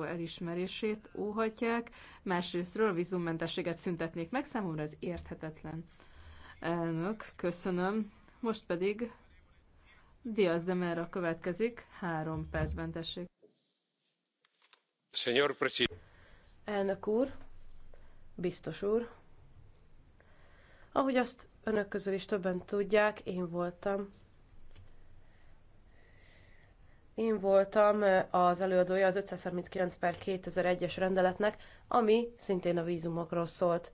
való elismerését óhatják, másrésztről vízummentességet szüntetnék meg, számomra ez érthetetlen. Elnök, köszönöm. Most pedig Diaz de Mera következik, három percben tessék. Señor Presidente. Elnök úr, biztos úr, ahogy azt önök közül is többen tudják, én voltam én voltam az előadója az 539 per 2001-es rendeletnek, ami szintén a vízumokról szólt.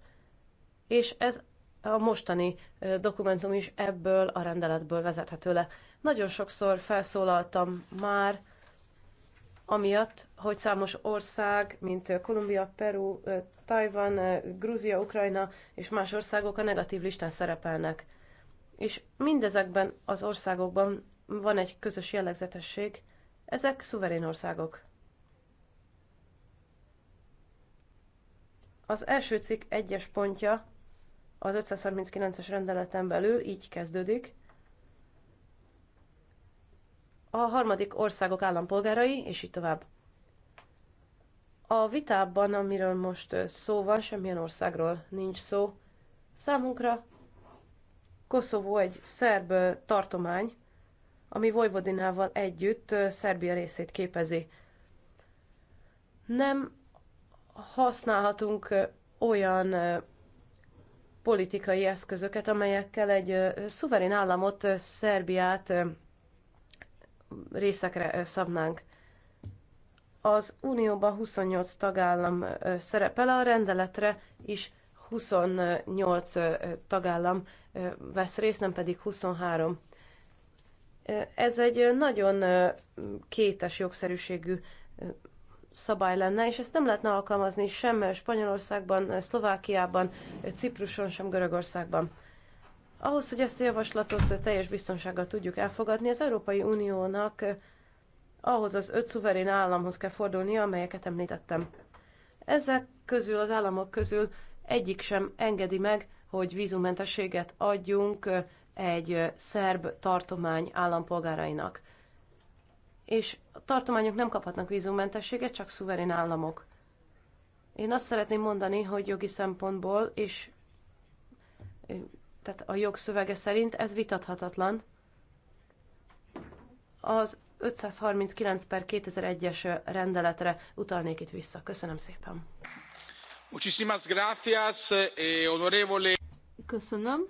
És ez a mostani dokumentum is ebből a rendeletből vezethető le. Nagyon sokszor felszólaltam már, amiatt, hogy számos ország, mint Kolumbia, Peru, Tajvan, Grúzia, Ukrajna és más országok a negatív listán szerepelnek. És mindezekben az országokban van egy közös jellegzetesség, ezek szuverén országok. Az első cikk egyes pontja az 539-es rendeleten belül így kezdődik. A harmadik országok állampolgárai, és így tovább. A vitában, amiről most szó van, semmilyen országról nincs szó. Számunkra Koszovó egy szerb tartomány, ami Vojvodinával együtt Szerbia részét képezi. Nem használhatunk olyan politikai eszközöket, amelyekkel egy szuverén államot, Szerbiát részekre szabnánk. Az Unióban 28 tagállam szerepel, a rendeletre is 28 tagállam vesz részt, nem pedig 23. Ez egy nagyon kétes jogszerűségű szabály lenne, és ezt nem lehetne alkalmazni sem Spanyolországban, Szlovákiában, Cipruson, sem Görögországban. Ahhoz, hogy ezt a javaslatot teljes biztonsággal tudjuk elfogadni, az Európai Uniónak ahhoz az öt szuverén államhoz kell fordulnia, amelyeket említettem. Ezek közül, az államok közül egyik sem engedi meg, hogy vízumentességet adjunk egy szerb tartomány állampolgárainak. És a tartományok nem kaphatnak vízummentességet, csak szuverén államok. Én azt szeretném mondani, hogy jogi szempontból, és tehát a jogszövege szerint ez vitathatatlan. Az 539 per 2001-es rendeletre utalnék itt vissza. Köszönöm szépen. Eh, Köszönöm.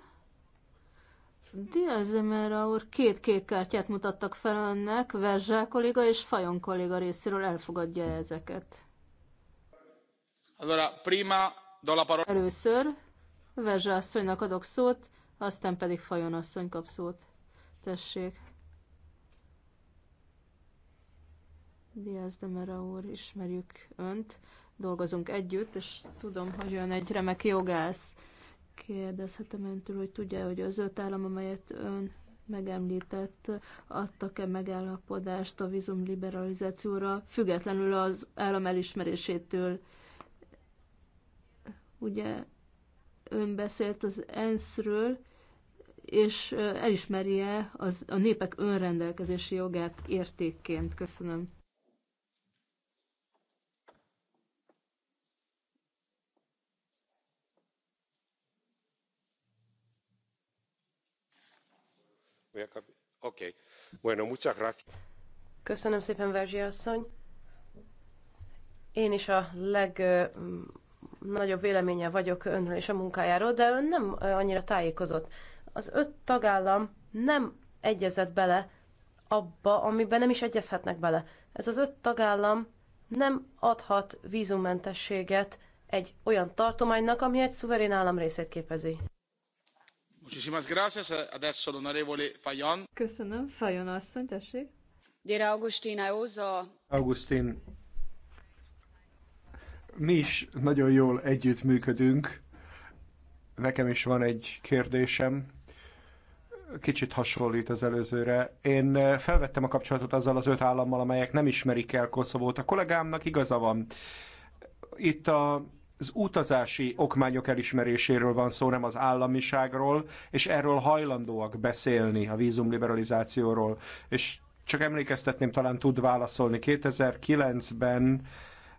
Diazemera úr két kék kártyát mutattak fel önnek, Verzsá kolléga és Fajon kolléga részéről elfogadja -e ezeket. Allora, prima do la parola... Először Verzsá asszonynak adok szót, aztán pedig Fajon asszony kap szót. Tessék. Diaz Demera úr, ismerjük önt, dolgozunk együtt, és tudom, hogy ön egy remek jogász megkérdezhetem öntől, hogy tudja, hogy az öt állam, amelyet ön megemlített, adtak-e megállapodást a vízum liberalizációra, függetlenül az állam elismerésétől. Ugye ön beszélt az ENSZ-ről, és elismeri-e az, a népek önrendelkezési jogát értékként? Köszönöm. Köszönöm szépen, Verzsi asszony. Én is a legnagyobb véleménye vagyok önről és a munkájáról, de ön nem annyira tájékozott. Az öt tagállam nem egyezett bele abba, amiben nem is egyezhetnek bele. Ez az öt tagállam nem adhat vízummentességet egy olyan tartománynak, ami egy szuverén állam részét képezi. Köszönöm, Fajon asszony, tessék. Dire Augustina Józa. Augustin, mi is nagyon jól együttműködünk. Nekem is van egy kérdésem, kicsit hasonlít az előzőre. Én felvettem a kapcsolatot azzal az öt állammal, amelyek nem ismerik el Koszovót. A kollégámnak igaza van. Itt a az utazási okmányok elismeréséről van szó, nem az államiságról, és erről hajlandóak beszélni a vízumliberalizációról. És csak emlékeztetném, talán tud válaszolni. 2009-ben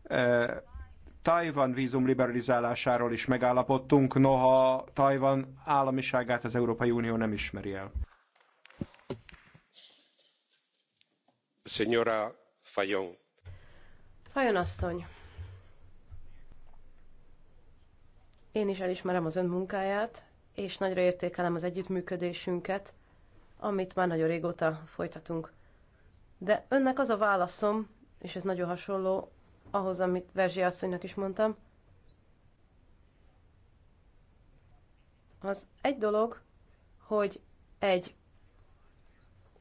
e, eh, Tajvan vízum liberalizálásáról is megállapodtunk, noha Tajvan államiságát az Európai Unió nem ismeri el. Señora Fajon. Fajon asszony. Én is elismerem az ön munkáját, és nagyra értékelem az együttműködésünket, amit már nagyon régóta folytatunk. De önnek az a válaszom, és ez nagyon hasonló ahhoz, amit Verzsi asszonynak is mondtam, az egy dolog, hogy egy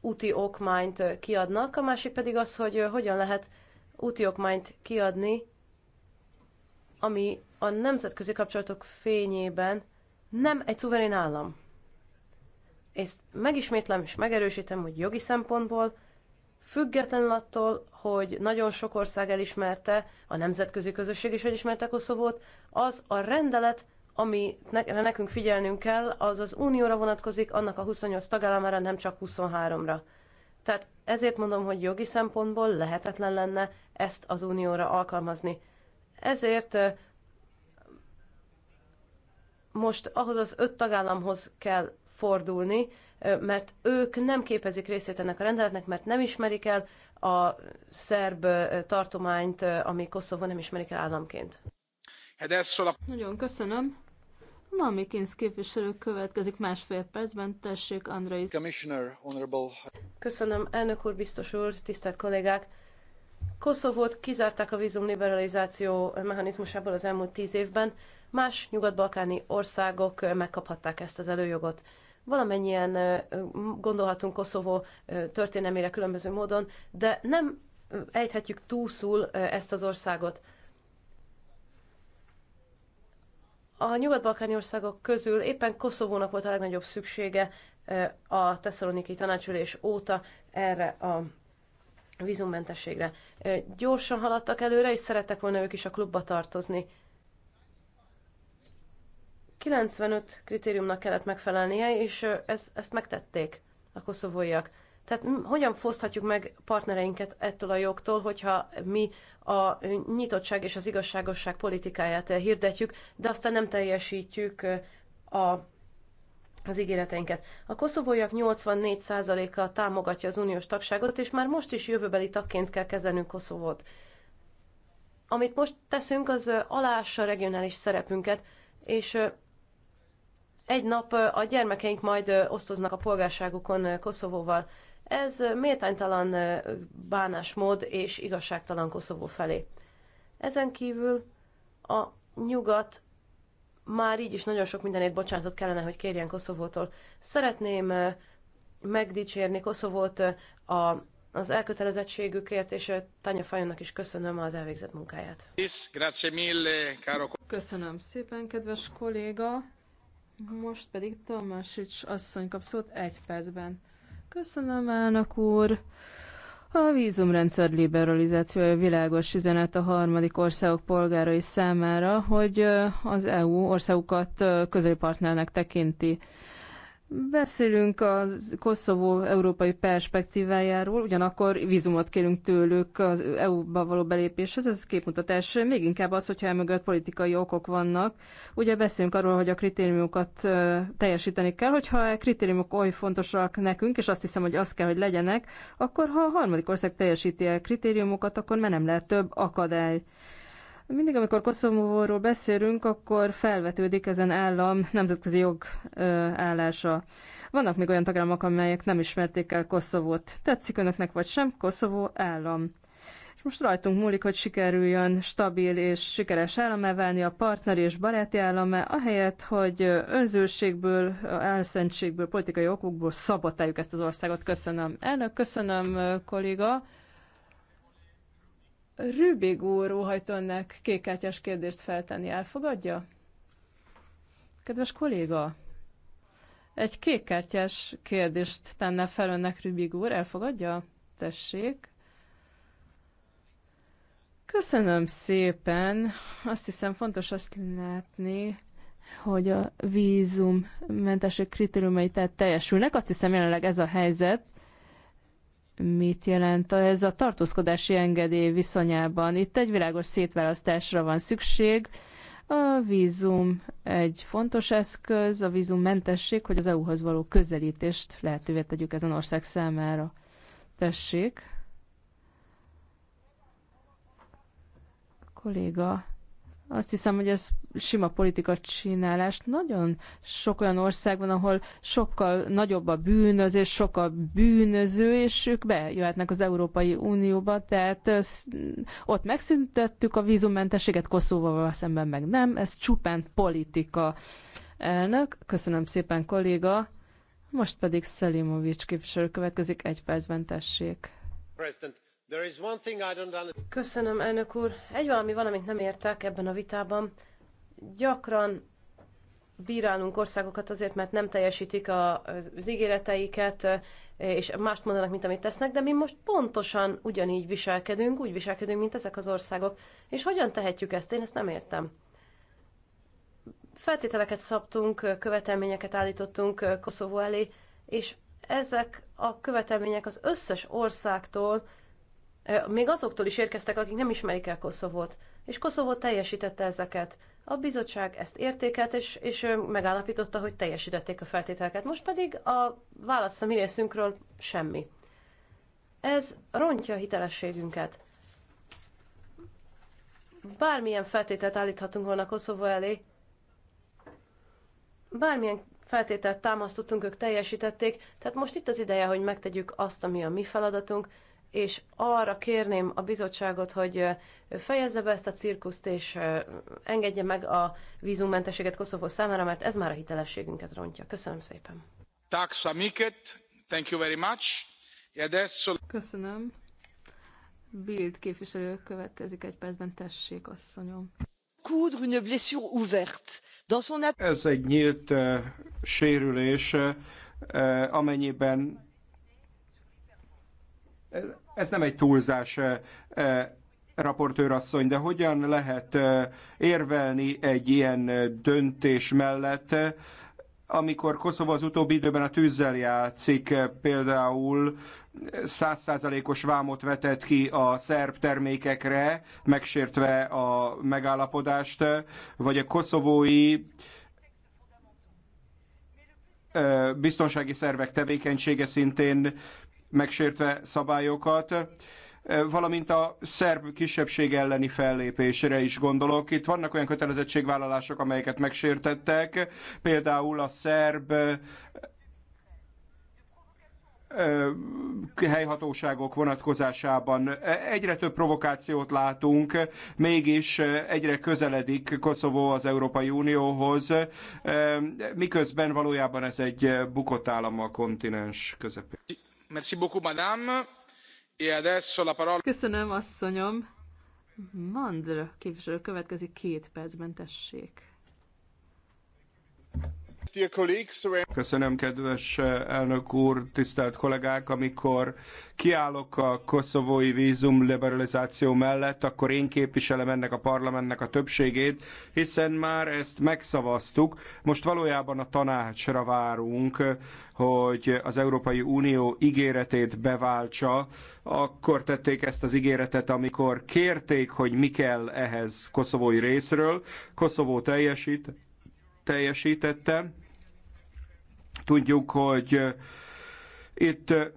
úti okmányt kiadnak, a másik pedig az, hogy hogyan lehet úti okmányt kiadni, ami a nemzetközi kapcsolatok fényében nem egy szuverén állam. és megismétlem és megerősítem, hogy jogi szempontból, függetlenül attól, hogy nagyon sok ország elismerte, a nemzetközi közösség is elismerte Koszovót, az a rendelet, amit nekünk figyelnünk kell, az az unióra vonatkozik, annak a 28 tagállamára, nem csak 23-ra. Tehát ezért mondom, hogy jogi szempontból lehetetlen lenne ezt az unióra alkalmazni. Ezért most ahhoz az öt tagállamhoz kell fordulni, mert ők nem képezik részét ennek a rendeletnek, mert nem ismerik el a szerb tartományt, ami Koszovó nem ismerik el államként. Hát Nagyon köszönöm. Mami Kinsz képviselő következik másfél percben. Tessék, Andrei. Commissioner, honorable... Köszönöm, elnök úr, biztos úr, tisztelt kollégák. Koszovót kizárták a vízumliberalizáció liberalizáció mechanizmusából az elmúlt tíz évben, Más nyugat-balkáni országok megkaphatták ezt az előjogot. Valamennyien gondolhatunk Koszovó történelmére különböző módon, de nem ejthetjük túlszul ezt az országot. A nyugat-balkáni országok közül éppen Koszovónak volt a legnagyobb szüksége a tesszaloniki tanácsülés óta erre a vízummentességre. Gyorsan haladtak előre, és szerettek volna ők is a klubba tartozni. 95 kritériumnak kellett megfelelnie, és ez, ezt megtették a koszovóiak. Tehát hogyan foszthatjuk meg partnereinket ettől a jogtól, hogyha mi a nyitottság és az igazságosság politikáját hirdetjük, de aztán nem teljesítjük a, az ígéreteinket. A koszovóiak 84%-a támogatja az uniós tagságot, és már most is jövőbeli tagként kell kezelnünk Koszovót. Amit most teszünk, az alássa regionális szerepünket, és egy nap a gyermekeink majd osztoznak a polgárságukon Koszovóval. Ez méltánytalan bánásmód és igazságtalan Koszovó felé. Ezen kívül a nyugat már így is nagyon sok mindenért bocsánatot kellene, hogy kérjen Koszovótól. Szeretném megdicsérni Koszovót a, az elkötelezettségükért, és Tanya Fajonnak is köszönöm az elvégzett munkáját. Köszönöm szépen, kedves kolléga! Most pedig Tomasics asszony kap szót egy percben. Köszönöm, elnök úr! A vízumrendszer liberalizációja világos üzenet a harmadik országok polgárai számára, hogy az EU országokat közeli partnernek tekinti. Beszélünk a Koszovó európai perspektívájáról, ugyanakkor vízumot kérünk tőlük az EU-ba való belépéshez. Ez képmutatás még inkább az, hogyha emögött politikai okok vannak. Ugye beszélünk arról, hogy a kritériumokat teljesíteni kell, hogyha a kritériumok oly fontosak nekünk, és azt hiszem, hogy az kell, hogy legyenek, akkor ha a harmadik ország teljesíti a kritériumokat, akkor már nem lehet több akadály. Mindig, amikor Koszovóról beszélünk, akkor felvetődik ezen állam nemzetközi jog állása. Vannak még olyan tagállamok, amelyek nem ismerték el Koszovót. Tetszik önöknek vagy sem, Koszovó állam. És most rajtunk múlik, hogy sikerüljön stabil és sikeres állame válni a partner és baráti állame, ahelyett, hogy önzőségből, elszentségből, politikai okokból szabotáljuk ezt az országot. Köszönöm. Elnök, köszönöm, kolléga. Rübig úr óhajt önnek kékkártyás kérdést feltenni. Elfogadja? Kedves kolléga, egy kékkártyás kérdést tenne fel önnek Rübig úr. Elfogadja? Tessék. Köszönöm szépen. Azt hiszem fontos azt látni, hogy a vízum mentesség kritériumai tehát teljesülnek. Azt hiszem jelenleg ez a helyzet mit jelent ez a tartózkodási engedély viszonyában. Itt egy világos szétválasztásra van szükség. A vízum egy fontos eszköz, a vízum mentesség hogy az EU-hoz való közelítést lehetővé tegyük ezen ország számára. Tessék. Kolléga azt hiszem, hogy ez sima politika csinálás. Nagyon sok olyan ország van, ahol sokkal nagyobb a bűnözés, sokkal bűnöző, és ők bejöhetnek az Európai Unióba, tehát ott megszüntettük a vízummentességet, Koszovóval szemben meg nem, ez csupán politika. Elnök, köszönöm szépen kolléga, most pedig Szelimovics képviselő következik, egy percben tessék. President. Köszönöm, elnök úr. Egy valami van, amit nem értek ebben a vitában. Gyakran bírálunk országokat azért, mert nem teljesítik az ígéreteiket, és mást mondanak, mint amit tesznek, de mi most pontosan ugyanígy viselkedünk, úgy viselkedünk, mint ezek az országok. És hogyan tehetjük ezt? Én ezt nem értem. Feltételeket szabtunk, követelményeket állítottunk Koszovó elé, és ezek a követelmények az összes országtól, még azoktól is érkeztek, akik nem ismerik el Koszovót. És Koszovó teljesítette ezeket. A bizottság ezt értékelt, és, és megállapította, hogy teljesítették a feltételeket. Most pedig a válasz a mi részünkről semmi. Ez rontja a hitelességünket. Bármilyen feltételt állíthatunk volna Koszovó elé, bármilyen feltételt támasztottunk, ők teljesítették, tehát most itt az ideje, hogy megtegyük azt, ami a mi feladatunk, és arra kérném a bizottságot, hogy fejezze be ezt a cirkuszt, és engedje meg a vízummentességet Koszovó számára, mert ez már a hitelességünket rontja. Köszönöm szépen. Thank you very much. Köszönöm. Bild képviselő következik egy percben, tessék, asszonyom. Coudre une blessure ouverte. Dans son... Ez egy nyílt uh, sérülés, uh, amennyiben ez nem egy túlzás, eh, eh, raportőrasszony, de hogyan lehet eh, érvelni egy ilyen döntés mellett, amikor Koszova az utóbbi időben a tűzzel játszik, például százszázalékos vámot vetett ki a szerb termékekre, megsértve a megállapodást, vagy a koszovói biztonsági szervek tevékenysége szintén megsértve szabályokat, valamint a szerb kisebbség elleni fellépésre is gondolok. Itt vannak olyan kötelezettségvállalások, amelyeket megsértettek, például a szerb helyhatóságok vonatkozásában. Egyre több provokációt látunk, mégis egyre közeledik Koszovó az Európai Unióhoz, miközben valójában ez egy bukott állam a kontinens közepén. Köszönöm, asszonyom. Mandl képviselő következik két percben, tessék. Köszönöm, kedves eh, elnök úr, tisztelt kollégák, amikor kiállok a koszovói vízum liberalizáció mellett, akkor én képviselem ennek a parlamentnek a többségét, hiszen már ezt megszavaztuk. Most valójában a tanácsra várunk, hogy az Európai Unió ígéretét beváltsa. Akkor tették ezt az ígéretet, amikor kérték, hogy mi kell ehhez koszovói részről. Koszovó teljesít, teljesítette Tudjuk, hogy eh, itt eh,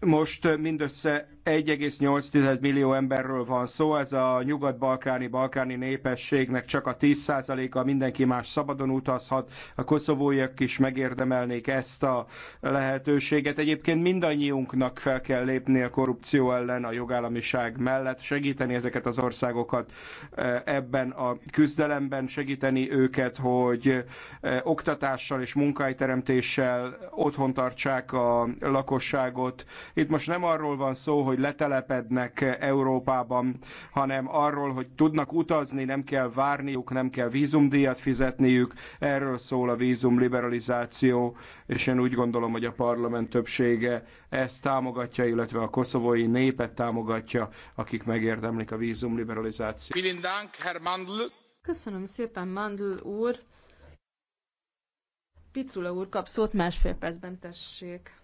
most mindössze 1,8 millió emberről van szó, ez a nyugat-balkáni, balkáni népességnek csak a 10%-a, mindenki más szabadon utazhat, a koszovóiak is megérdemelnék ezt a lehetőséget. Egyébként mindannyiunknak fel kell lépni a korrupció ellen, a jogállamiság mellett, segíteni ezeket az országokat e, ebben a küzdelemben, segíteni őket, hogy e, oktatással és munkájteremtéssel otthon tartsák a lakosságot. Itt most nem arról van szó, hogy hogy letelepednek Európában, hanem arról, hogy tudnak utazni, nem kell várniuk, nem kell vízumdíjat fizetniük. Erről szól a vízum liberalizáció, és én úgy gondolom, hogy a parlament többsége ezt támogatja, illetve a koszovói népet támogatja, akik megérdemlik a vízum liberalizáció. Köszönöm szépen, Mandl úr. Picula úr kap szót, másfél percben tessék.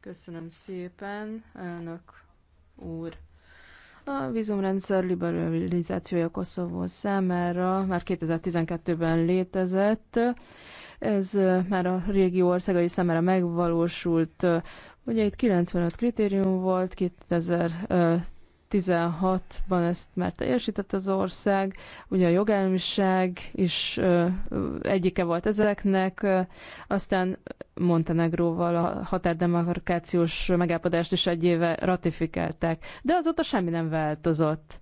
Köszönöm szépen, elnök úr. A vízumrendszer liberalizációja Koszovó számára már 2012-ben létezett. Ez már a régió országai számára megvalósult. Ugye itt 95 kritérium volt, 2000 2016-ban ezt már teljesített az ország, ugye a jogállamiság is egyike volt ezeknek, aztán Montenegróval a határdemarkációs megállapodást is egy éve ratifikálták, de azóta semmi nem változott.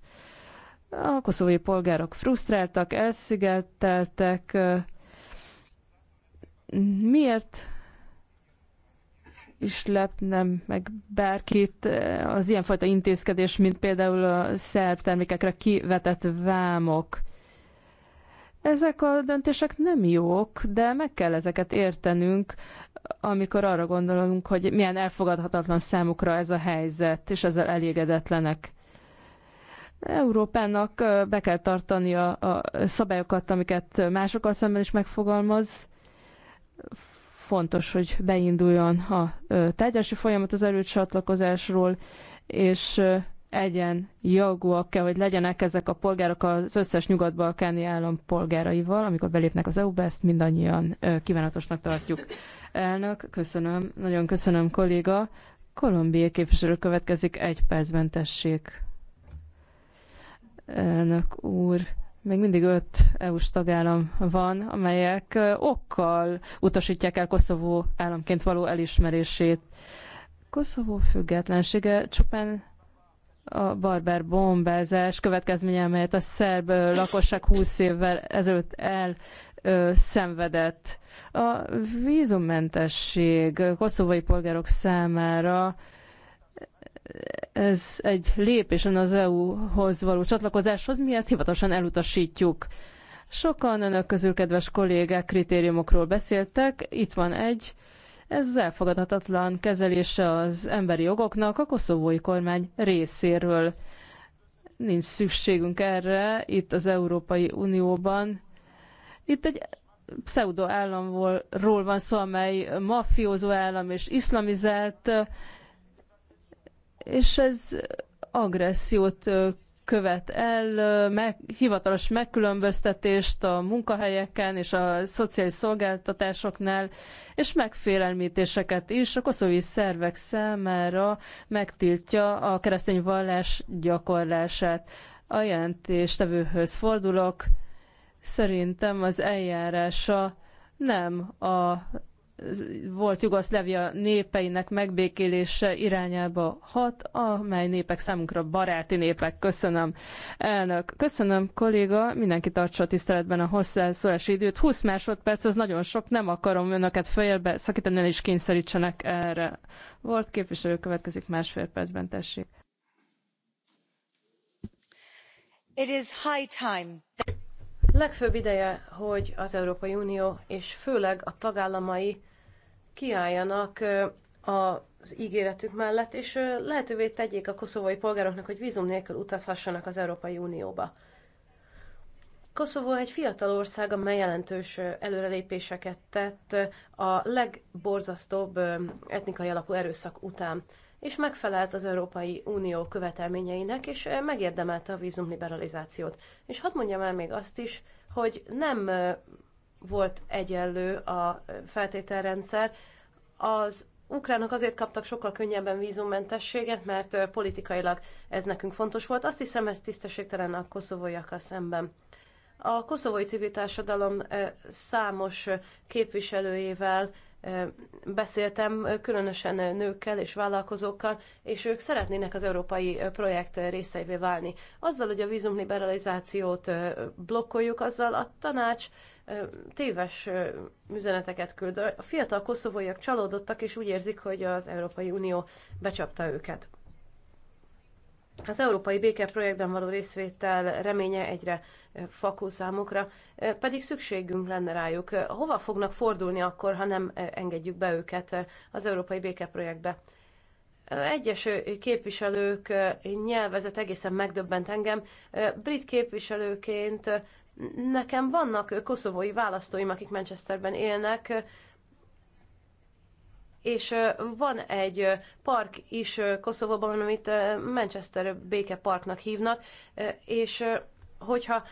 A koszovói polgárok frusztráltak, elszigeteltek. Miért is lepne meg bárkit eh, az ilyenfajta intézkedés, mint például a szerb termékekre kivetett vámok. Ezek a döntések nem jók, de meg kell ezeket értenünk, amikor arra gondolunk, hogy milyen elfogadhatatlan számukra ez a helyzet, és ezzel elégedetlenek. Európának eh, be kell tartani a, a szabályokat, amiket másokkal szemben is megfogalmaz. Fontos, hogy beinduljon a tárgyalási folyamat az előcsatlakozásról, és egyen jogúak kell, hogy legyenek ezek a polgárok az összes nyugat-balkáni állam polgáraival, amikor belépnek az EU-ba, ezt mindannyian kívánatosnak tartjuk. Elnök, köszönöm, nagyon köszönöm kolléga. Kolumbia képviselő következik, egy percben tessék. Elnök úr, még mindig öt EU-s tagállam van, amelyek okkal utasítják el Koszovó államként való elismerését. Koszovó függetlensége csupán a barbár bombázás következménye, amelyet a szerb lakosság 20 évvel ezelőtt el ö, szenvedett. A vízummentesség koszovai polgárok számára ez egy lépésen az EU-hoz való csatlakozáshoz, mi ezt hivatalosan elutasítjuk. Sokan önök közül, kedves kollégák, kritériumokról beszéltek. Itt van egy. Ez elfogadhatatlan kezelése az emberi jogoknak a koszovói kormány részéről. Nincs szükségünk erre itt az Európai Unióban. Itt egy pseudo államról van szó, amely mafiózó állam és iszlamizált és ez agressziót követ el, meg, hivatalos megkülönböztetést a munkahelyeken és a szociális szolgáltatásoknál, és megfélelmítéseket is a koszovi szervek számára megtiltja a keresztény vallás gyakorlását. A jelentéstevőhöz fordulok, szerintem az eljárása nem a volt Jugoszlávia népeinek megbékélése irányába hat, amely népek számunkra baráti népek. Köszönöm, elnök. Köszönöm, kolléga. Mindenki tartsa a tiszteletben a hozzászólási időt. 20 másodperc, az nagyon sok. Nem akarom önöket fejelbe szakítani, ne is kényszerítsenek erre. Volt képviselő következik másfél percben, tessék. It is high time. Legfőbb ideje, hogy az Európai Unió és főleg a tagállamai kiálljanak az ígéretük mellett, és lehetővé tegyék a koszovói polgároknak, hogy vízum nélkül utazhassanak az Európai Unióba. Koszovó egy fiatal ország, amely jelentős előrelépéseket tett a legborzasztóbb etnikai alapú erőszak után, és megfelelt az Európai Unió követelményeinek, és megérdemelte a vízumliberalizációt. És hadd mondjam el még azt is, hogy nem volt egyenlő a feltételrendszer. Az ukránok azért kaptak sokkal könnyebben vízummentességet, mert politikailag ez nekünk fontos volt. Azt hiszem, ez tisztességtelen a koszovóiakkal szemben. A koszovói civil társadalom számos képviselőjével beszéltem különösen nőkkel és vállalkozókkal, és ők szeretnének az európai projekt részeivé válni. Azzal, hogy a vízumliberalizációt blokkoljuk, azzal a tanács téves üzeneteket küld. A fiatal koszovóiak csalódottak, és úgy érzik, hogy az Európai Unió becsapta őket. Az európai békeprojektben való részvétel reménye egyre fakó számukra, pedig szükségünk lenne rájuk. Hova fognak fordulni akkor, ha nem engedjük be őket az európai békeprojektbe? Egyes képviselők nyelvezet egészen megdöbbent engem. Brit képviselőként nekem vannak koszovói választóim, akik Manchesterben élnek, és van egy park is Koszovóban, amit Manchester Béke Parknak hívnak, és hogyha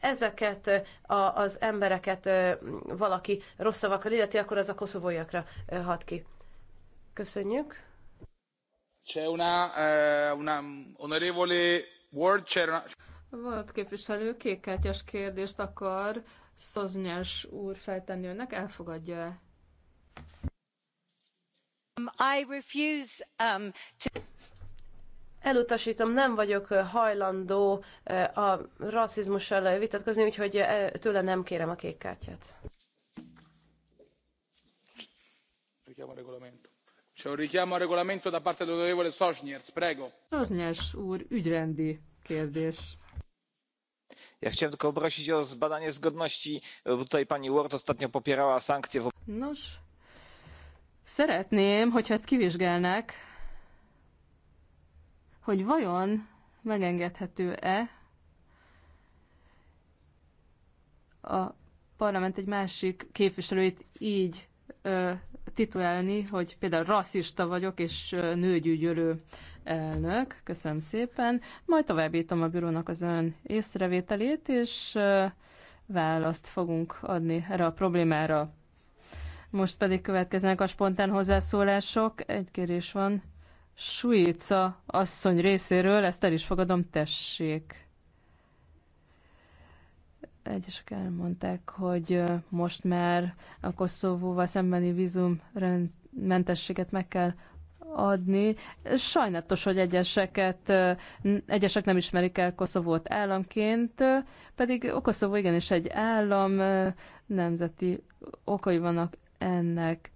ezeket az embereket valaki rossz szavakkal illeti, akkor az a koszovóiakra hat ki. Köszönjük. Eh, c'è una, una onorevole Word, c'è una... Volt képviselő kékkártyás kérdést akar Szoznyás úr feltenni önnek, elfogadja-e? Um, um, elutastom nem vagyok hajlandó a rasszizmussal vitatkozni, úgyhogy tőle nem kérem a kék kártyát. Sosnyers úr, ügyrendi kérdés. Ja chciałem tylko prosić o zbadanie zgodności. Tutaj pani Ward ostatnio popierała sankcje. Noż, Szeretném, hogyha ezt kivizsgálnák, hogy vajon megengedhető-e a parlament egy másik képviselőit így ö, titulálni, hogy például rasszista vagyok és ö, nőgyűgyölő elnök. Köszönöm szépen. Majd továbbítom a bürónak az ön észrevételét, és ö, választ fogunk adni erre a problémára. Most pedig következnek a spontán hozzászólások. Egy kérés van Suica asszony részéről, ezt el is fogadom, tessék. Egyesek elmondták, hogy most már a Koszovóval szembeni vízummentességet meg kell adni. Sajnatos, hogy egyeseket, egyesek nem ismerik el Koszovót államként, pedig Koszovó igenis egy állam, nemzeti okai vannak ennek.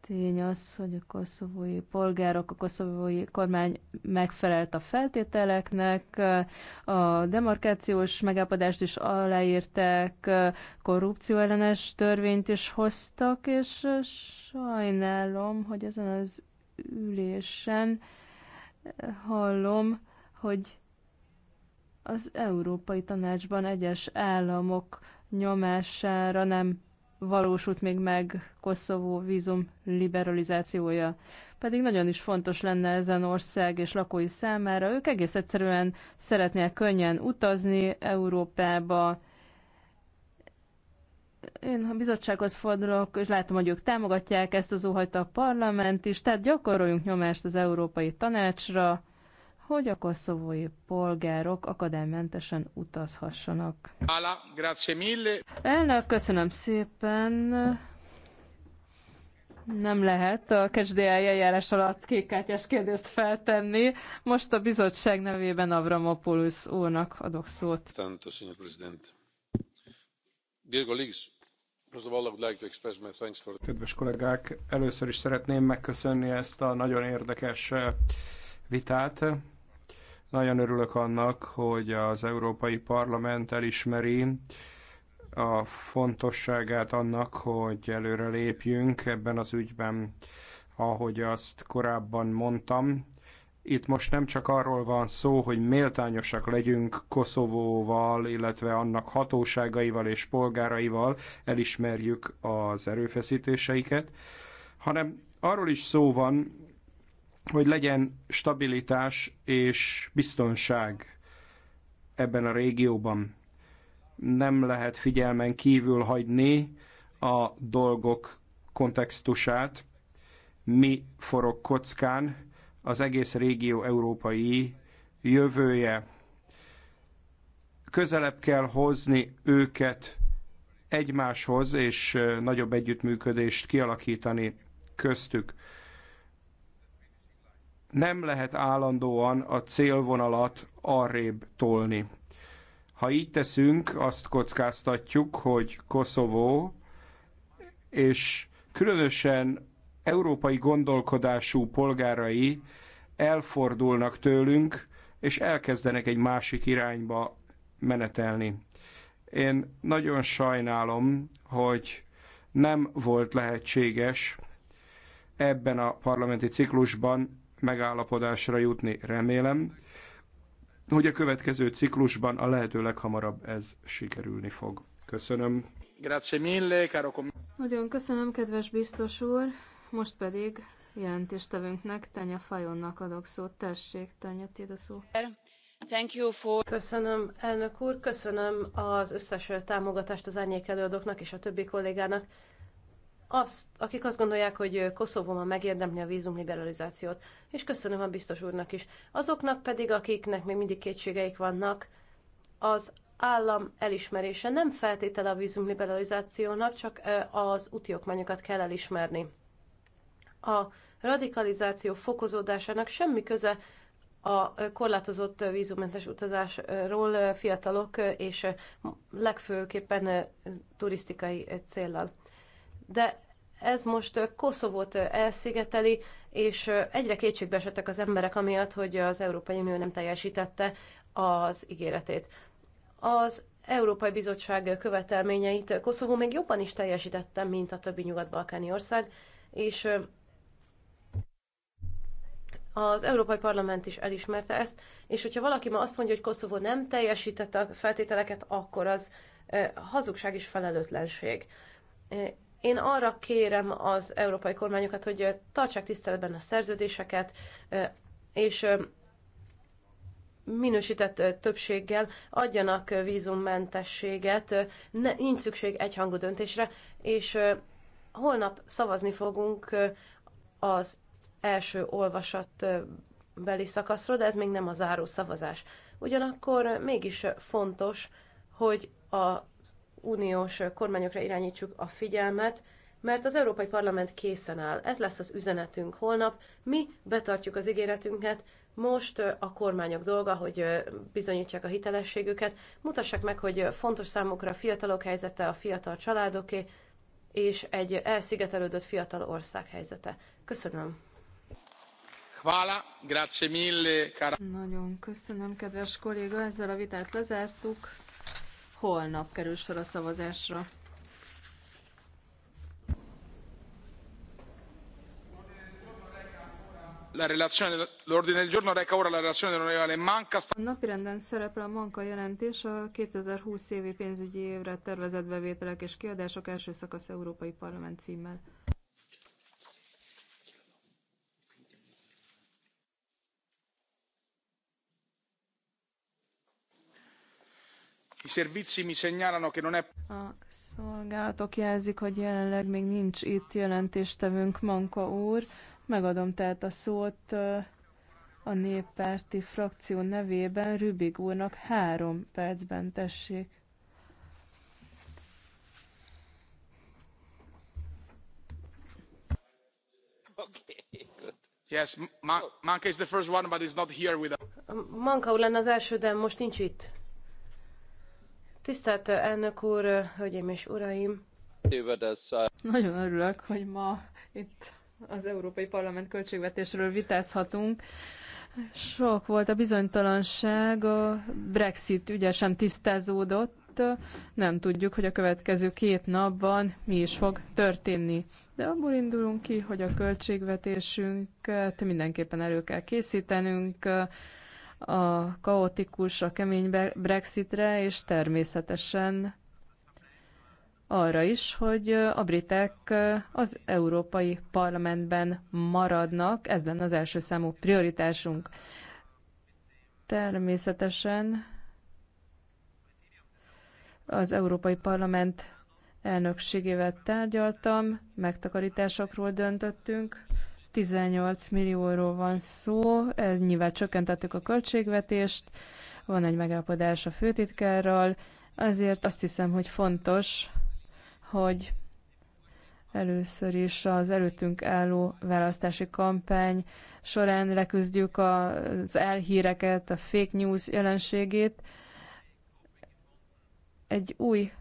Tény az, hogy a koszovói polgárok, a koszovói kormány megfelelt a feltételeknek, a demarkációs megállapodást is aláírták, korrupcióellenes törvényt is hoztak, és sajnálom, hogy ezen az ülésen hallom, hogy az Európai Tanácsban egyes államok nyomására nem valósult még meg Koszovó vízum liberalizációja. Pedig nagyon is fontos lenne ezen ország és lakói számára. Ők egész egyszerűen szeretnél könnyen utazni Európába. Én a bizottsághoz fordulok, és látom, hogy ők támogatják ezt az óhajta a parlament is, tehát gyakoroljunk nyomást az Európai Tanácsra, hogy a koszovói polgárok akadálymentesen utazhassanak. Ala, grazie mille. Elnök, köszönöm szépen. Nem lehet a KSDI eljárás alatt kékkártyás kérdést feltenni. Most a bizottság nevében Avramopoulos úrnak adok szót. Tanto, signor Presidente. Dear colleagues, Kedves kollégák, először is szeretném megköszönni ezt a nagyon érdekes vitát. Nagyon örülök annak, hogy az Európai Parlament elismeri a fontosságát annak, hogy előre lépjünk ebben az ügyben, ahogy azt korábban mondtam. Itt most nem csak arról van szó, hogy méltányosak legyünk Koszovóval, illetve annak hatóságaival és polgáraival, elismerjük az erőfeszítéseiket, hanem arról is szó van, hogy legyen stabilitás és biztonság ebben a régióban. Nem lehet figyelmen kívül hagyni a dolgok kontextusát, mi forog kockán az egész régió európai jövője. Közelebb kell hozni őket egymáshoz, és nagyobb együttműködést kialakítani köztük nem lehet állandóan a célvonalat arrébb tolni. Ha így teszünk, azt kockáztatjuk, hogy Koszovó és különösen európai gondolkodású polgárai elfordulnak tőlünk, és elkezdenek egy másik irányba menetelni. Én nagyon sajnálom, hogy nem volt lehetséges ebben a parlamenti ciklusban megállapodásra jutni, remélem, hogy a következő ciklusban a lehető leghamarabb ez sikerülni fog. Köszönöm. Grazie mille, caro Nagyon köszönöm, kedves biztos úr. Most pedig jelentéstevőnknek, Tanya Fajonnak adok szót. Tessék, Tanya, tiéd a szó. For... Köszönöm, elnök úr, köszönöm az összes támogatást az árnyék előadóknak és a többi kollégának azt, akik azt gondolják, hogy Koszovóban megérdemli a vízumliberalizációt, és köszönöm a biztos úrnak is. Azoknak pedig, akiknek még mindig kétségeik vannak, az állam elismerése nem feltétele a vízumliberalizációnak, csak az úti okmányokat kell elismerni. A radikalizáció fokozódásának semmi köze a korlátozott vízummentes utazásról fiatalok és legfőképpen turisztikai céllal. De ez most Koszovót elszigeteli, és egyre kétségbe esettek az emberek amiatt, hogy az Európai Unió nem teljesítette az ígéretét. Az Európai Bizottság követelményeit Koszovó még jobban is teljesítette, mint a többi nyugat-balkáni ország, és az Európai Parlament is elismerte ezt, és hogyha valaki ma azt mondja, hogy Koszovó nem teljesítette a feltételeket, akkor az hazugság és felelőtlenség. Én arra kérem az európai kormányokat, hogy tartsák tiszteletben a szerződéseket, és minősített többséggel adjanak vízummentességet, ne, nincs szükség egyhangú döntésre, és holnap szavazni fogunk az első olvasat beli szakaszról, de ez még nem a záró szavazás. Ugyanakkor mégis fontos, hogy az uniós kormányokra irányítsuk a figyelmet, mert az Európai Parlament készen áll. Ez lesz az üzenetünk holnap. Mi betartjuk az ígéretünket, most a kormányok dolga, hogy bizonyítsák a hitelességüket, mutassák meg, hogy fontos számukra a fiatalok helyzete, a fiatal családoké, és egy elszigetelődött fiatal ország helyzete. Köszönöm. Hvala, grazie mille, cara. Nagyon köszönöm, kedves kolléga, ezzel a vitát lezártuk holnap kerül sor a szavazásra. La relazione, l'ordine del giorno reca ora la relazione dell'onorevole Manca. A napirenden szerepel a Manka jelentés a 2020 évi pénzügyi évre tervezett bevételek és kiadások első szakasz Európai Parlament címmel. A szolgálatok jelzik, hogy jelenleg még nincs itt jelentéstevünk Manka úr. Megadom tehát a szót a néppárti frakció nevében Rübig úrnak három percben tessék. Yes, Manka is the first one, but is not here with us. Manka úr lenne az első, de most nincs itt. Tisztelt elnök úr, hölgyeim és uraim! Nagyon örülök, hogy ma itt az Európai Parlament költségvetésről vitázhatunk. Sok volt a bizonytalanság, a Brexit ügye sem tisztázódott, nem tudjuk, hogy a következő két napban mi is fog történni. De abból indulunk ki, hogy a költségvetésünket mindenképpen elő kell készítenünk, a kaotikus, a kemény Brexitre, és természetesen arra is, hogy a britek az Európai Parlamentben maradnak, ez lenne az első számú prioritásunk. Természetesen az Európai Parlament elnökségével tárgyaltam, megtakarításokról döntöttünk, 18 millióról van szó, nyilván csökkentettük a költségvetést, van egy megállapodás a főtitkárral, azért azt hiszem, hogy fontos, hogy először is az előttünk álló választási kampány során leküzdjük az elhíreket, a fake news jelenségét. Egy új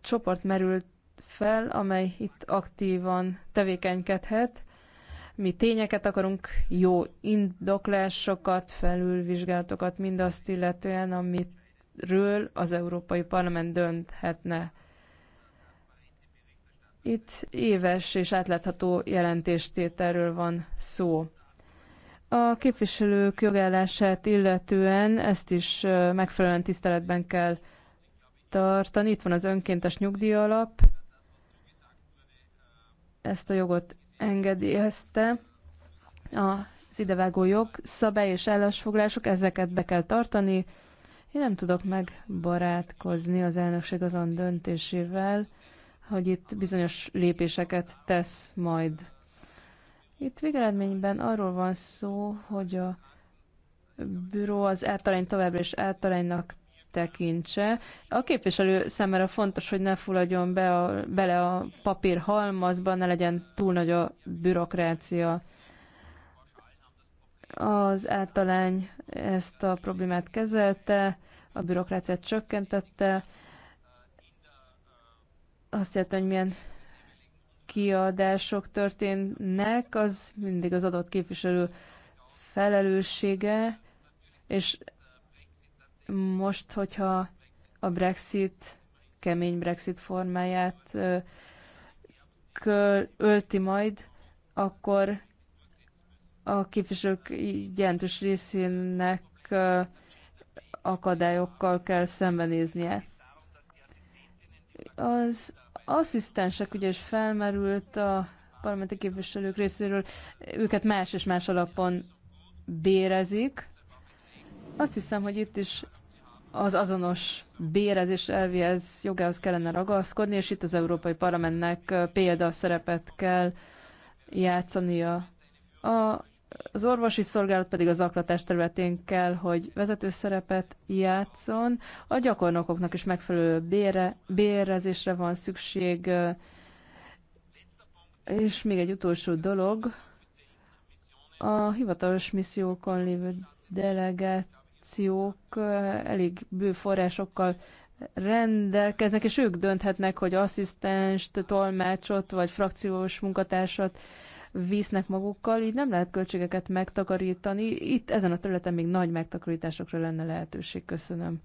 csoport merült fel, amely itt aktívan tevékenykedhet, mi tényeket akarunk, jó indoklásokat, felülvizsgálatokat, mindazt illetően, amiről az Európai Parlament dönthetne. Itt éves és átlátható jelentéstételről van szó. A képviselők jogállását illetően ezt is megfelelően tiszteletben kell tartani. Itt van az önkéntes nyugdíjalap. Ezt a jogot engedélyezte az idevágó szabály és állásfoglások, ezeket be kell tartani. Én nem tudok megbarátkozni az elnökség azon döntésével, hogy itt bizonyos lépéseket tesz majd. Itt végeredményben arról van szó, hogy a büró az általány továbbra is általánynak tekintse. A képviselő számára fontos, hogy ne fulladjon be a, bele a papír halmazba, ne legyen túl nagy a bürokrácia. Az általány ezt a problémát kezelte, a bürokráciát csökkentette, azt jelenti, hogy milyen kiadások történnek, az mindig az adott képviselő felelőssége, és most, hogyha a Brexit, kemény Brexit formáját ölti majd, akkor a képviselők jelentős részének akadályokkal kell szembenéznie. Az asszisztensek ugye is felmerült a parlamenti képviselők részéről, őket más és más alapon bérezik, azt hiszem, hogy itt is az azonos bérezés elvihez jogához kellene ragaszkodni, és itt az Európai Parlamentnek példa szerepet kell játszania. A, az orvosi szolgálat pedig az aklatás területén kell, hogy vezető szerepet játszon. A gyakornokoknak is megfelelő bére, bérezésre van szükség. És még egy utolsó dolog. A hivatalos missziókon lévő delegát frakciók elég bő forrásokkal rendelkeznek, és ők dönthetnek, hogy asszisztenst, tolmácsot vagy frakciós munkatársat visznek magukkal, így nem lehet költségeket megtakarítani. Itt ezen a területen még nagy megtakarításokra lenne lehetőség. Köszönöm.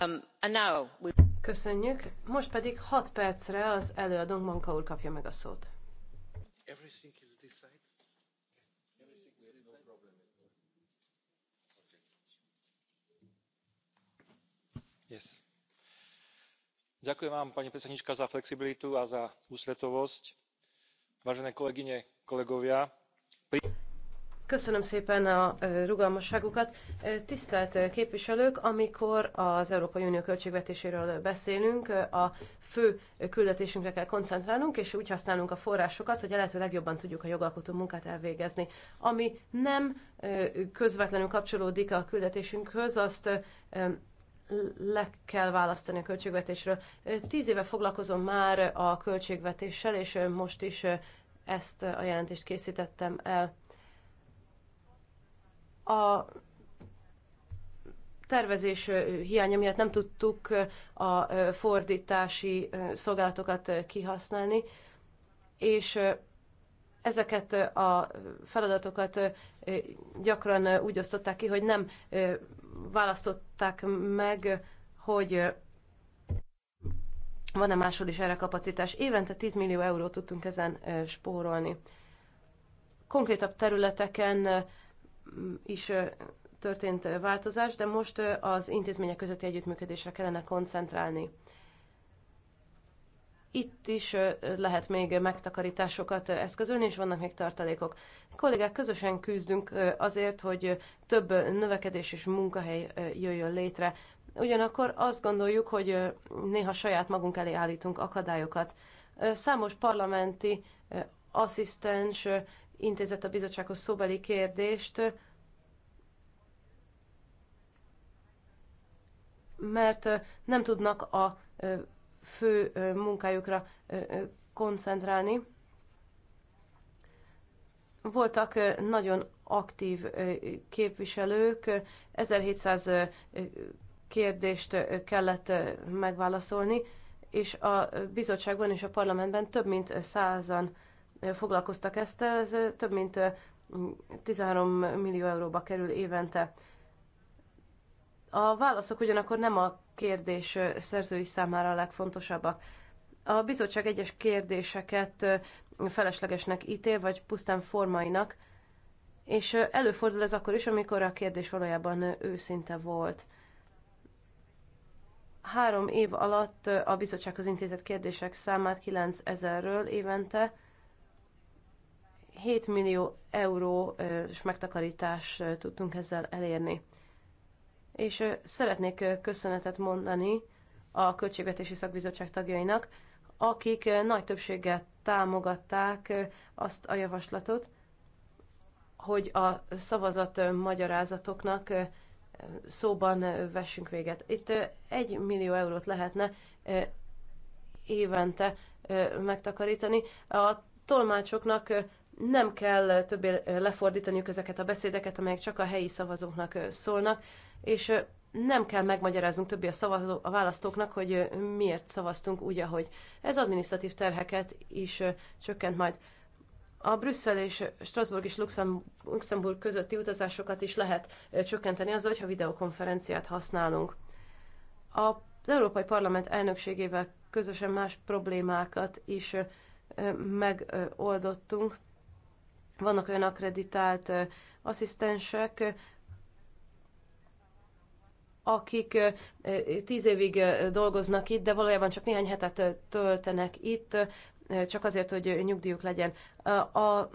Um, Köszönjük. Most pedig 6 percre az előadónk Manka úr kapja meg a szót. Everything ďakujem vám pani predsedníčka za flexibilitu a za ústretovosť. vážené kolegyne kolegovia köszönöm szépen a e, rugalmasságukat. E, tisztelt e, képviselők, amikor az Európai Unió költségvetéséről beszélünk, a fő küldetésünkre kell koncentrálnunk, és úgy használnunk a forrásokat, hogy a lehető legjobban tudjuk a jogalkotó munkát elvégezni. Ami nem közvetlenül kapcsolódik a küldetésünkhöz, azt le kell választani a költségvetésről. Tíz éve foglalkozom már a költségvetéssel, és most is ezt a jelentést készítettem el. A tervezés hiánya miatt nem tudtuk a fordítási szolgálatokat kihasználni, és ezeket a feladatokat gyakran úgy osztották ki, hogy nem választották meg, hogy van-e máshol is erre kapacitás. Évente 10 millió eurót tudtunk ezen spórolni. Konkrétabb területeken is történt változás, de most az intézmények közötti együttműködésre kellene koncentrálni itt is lehet még megtakarításokat eszközölni, és vannak még tartalékok. A kollégák, közösen küzdünk azért, hogy több növekedés és munkahely jöjjön létre. Ugyanakkor azt gondoljuk, hogy néha saját magunk elé állítunk akadályokat. Számos parlamenti asszisztens intézett a bizottsághoz szóbeli kérdést, mert nem tudnak a fő munkájukra koncentrálni. Voltak nagyon aktív képviselők, 1700 kérdést kellett megválaszolni, és a bizottságban és a parlamentben több mint százan foglalkoztak ezt, ez több mint 13 millió euróba kerül évente. A válaszok ugyanakkor nem a kérdés szerzői számára a legfontosabbak. A bizottság egyes kérdéseket feleslegesnek ítél, vagy pusztán formainak, és előfordul ez akkor is, amikor a kérdés valójában őszinte volt. Három év alatt a bizottsághoz intézett kérdések számát 9000-ről évente 7 millió eurós megtakarítást tudtunk ezzel elérni és szeretnék köszönetet mondani a Költségvetési Szakbizottság tagjainak, akik nagy többséggel támogatták azt a javaslatot, hogy a szavazat magyarázatoknak szóban vessünk véget. Itt egy millió eurót lehetne évente megtakarítani. A tolmácsoknak nem kell többé lefordítaniuk ezeket a beszédeket, amelyek csak a helyi szavazóknak szólnak és nem kell megmagyaráznunk többé a, szavazó, a választóknak, hogy miért szavaztunk úgy, ahogy. Ez adminisztratív terheket is csökkent majd. A Brüsszel és Strasbourg és Luxemburg közötti utazásokat is lehet csökkenteni azzal, hogyha videokonferenciát használunk. Az Európai Parlament elnökségével közösen más problémákat is megoldottunk. Vannak olyan akreditált asszisztensek, akik tíz évig dolgoznak itt, de valójában csak néhány hetet töltenek itt, csak azért, hogy nyugdíjuk legyen. A, az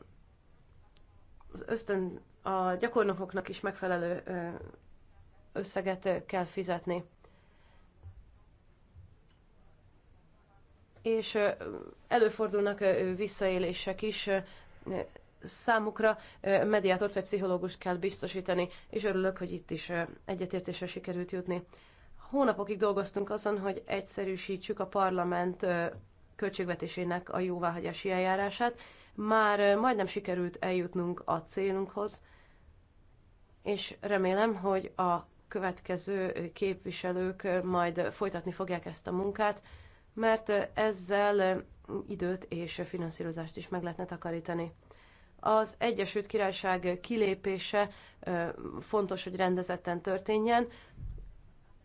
ösztön a gyakornokoknak is megfelelő összeget kell fizetni. És előfordulnak visszaélések is, számukra mediátort vagy pszichológust kell biztosítani, és örülök, hogy itt is egyetértésre sikerült jutni. Hónapokig dolgoztunk azon, hogy egyszerűsítsük a parlament költségvetésének a jóváhagyási eljárását. Már majdnem sikerült eljutnunk a célunkhoz, és remélem, hogy a következő képviselők majd folytatni fogják ezt a munkát, mert ezzel időt és finanszírozást is meg lehetne takarítani az Egyesült Királyság kilépése fontos, hogy rendezetten történjen.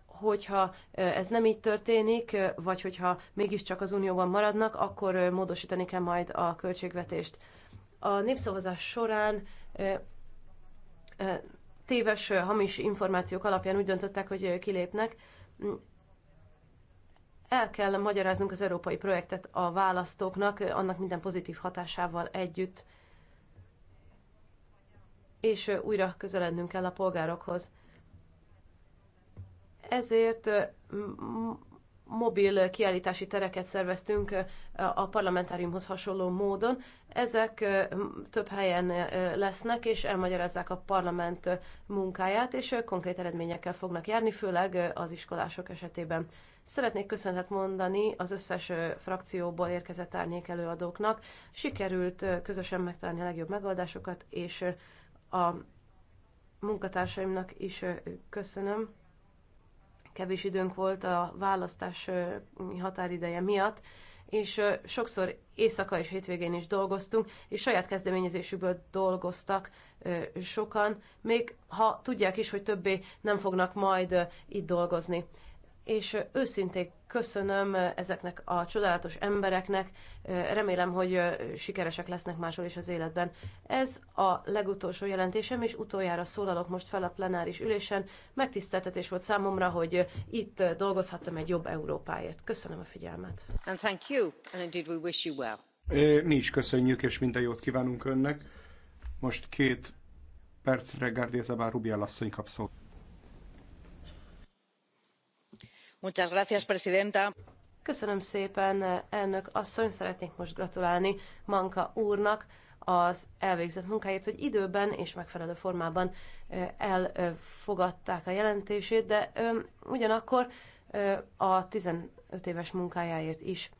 Hogyha ez nem így történik, vagy hogyha mégiscsak az Unióban maradnak, akkor módosítani kell majd a költségvetést. A népszavazás során téves, hamis információk alapján úgy döntöttek, hogy kilépnek. El kell magyaráznunk az európai projektet a választóknak, annak minden pozitív hatásával együtt és újra közelednünk kell a polgárokhoz. Ezért mobil kiállítási tereket szerveztünk a parlamentáriumhoz hasonló módon. Ezek több helyen lesznek, és elmagyarázzák a parlament munkáját, és konkrét eredményekkel fognak járni, főleg az iskolások esetében. Szeretnék köszönhet mondani az összes frakcióból érkezett árnyék előadóknak. Sikerült közösen megtalálni a legjobb megoldásokat, és a munkatársaimnak is köszönöm. Kevés időnk volt a választás határideje miatt, és sokszor éjszaka és hétvégén is dolgoztunk, és saját kezdeményezésükből dolgoztak sokan, még ha tudják is, hogy többé nem fognak majd itt dolgozni és őszintén köszönöm ezeknek a csodálatos embereknek, remélem, hogy sikeresek lesznek máshol is az életben. Ez a legutolsó jelentésem, és utoljára szólalok most fel a plenáris ülésen. Megtiszteltetés volt számomra, hogy itt dolgozhattam egy jobb Európáért. Köszönöm a figyelmet. And thank you, and indeed we wish you well. Mi is köszönjük, és minden jót kívánunk önnek. Most két percre Gárdézabár Rubiel Lasszony kap szót. Köszönöm szépen, elnök asszony, szeretnék most gratulálni Manka úrnak az elvégzett munkáért, hogy időben és megfelelő formában elfogadták a jelentését, de ugyanakkor a 15 éves munkájáért is.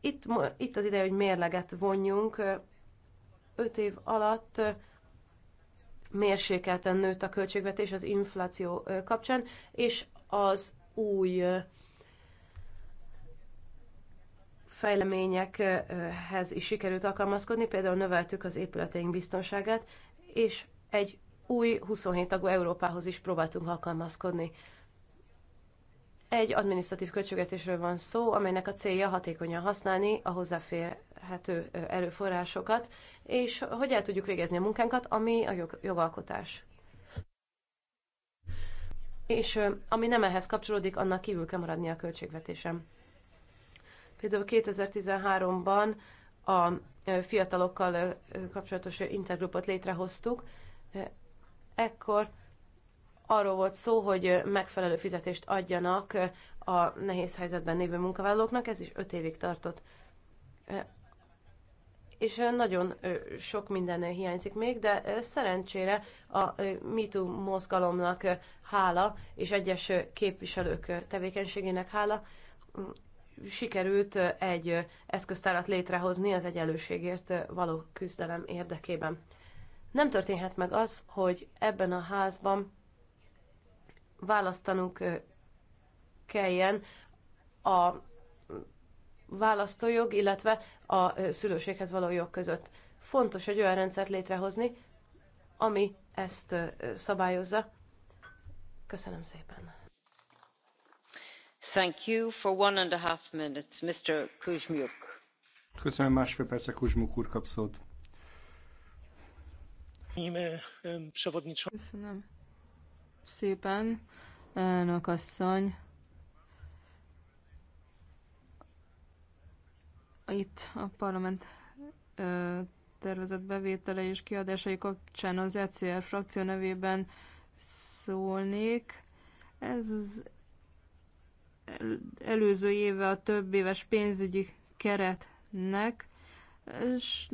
Itt, itt az ideje, hogy mérleget vonjunk. 5 év alatt mérsékelten nőtt a költségvetés az infláció kapcsán, és az új fejleményekhez is sikerült alkalmazkodni, például növeltük az épületeink biztonságát, és egy új 27 tagú Európához is próbáltunk alkalmazkodni. Egy adminisztratív költségvetésről van szó, amelynek a célja hatékonyan használni a hozzáférhető erőforrásokat, és hogy el tudjuk végezni a munkánkat, ami a jog jogalkotás és ami nem ehhez kapcsolódik, annak kívül kell maradni a költségvetésem. Például 2013-ban a fiatalokkal kapcsolatos intergrupot létrehoztuk. Ekkor arról volt szó, hogy megfelelő fizetést adjanak a nehéz helyzetben lévő munkavállalóknak, ez is öt évig tartott és nagyon sok minden hiányzik még, de szerencsére a MeToo mozgalomnak hála, és egyes képviselők tevékenységének hála, sikerült egy eszköztárat létrehozni az egyenlőségért való küzdelem érdekében. Nem történhet meg az, hogy ebben a házban választanunk kelljen a választójog, illetve a szülőséghez való jog között. Fontos egy olyan rendszert létrehozni, ami ezt szabályozza. Köszönöm szépen. Thank you for one and a half minutes, Mr. Kuzmiuk. Köszönöm, másfél perce Kuzmiuk úr kap szót. Köszönöm szépen, elnök asszony. Itt a parlament tervezett bevétele és kiadásai kapcsán az ECR frakció nevében szólnék. Ez előző éve a több éves pénzügyi keretnek, és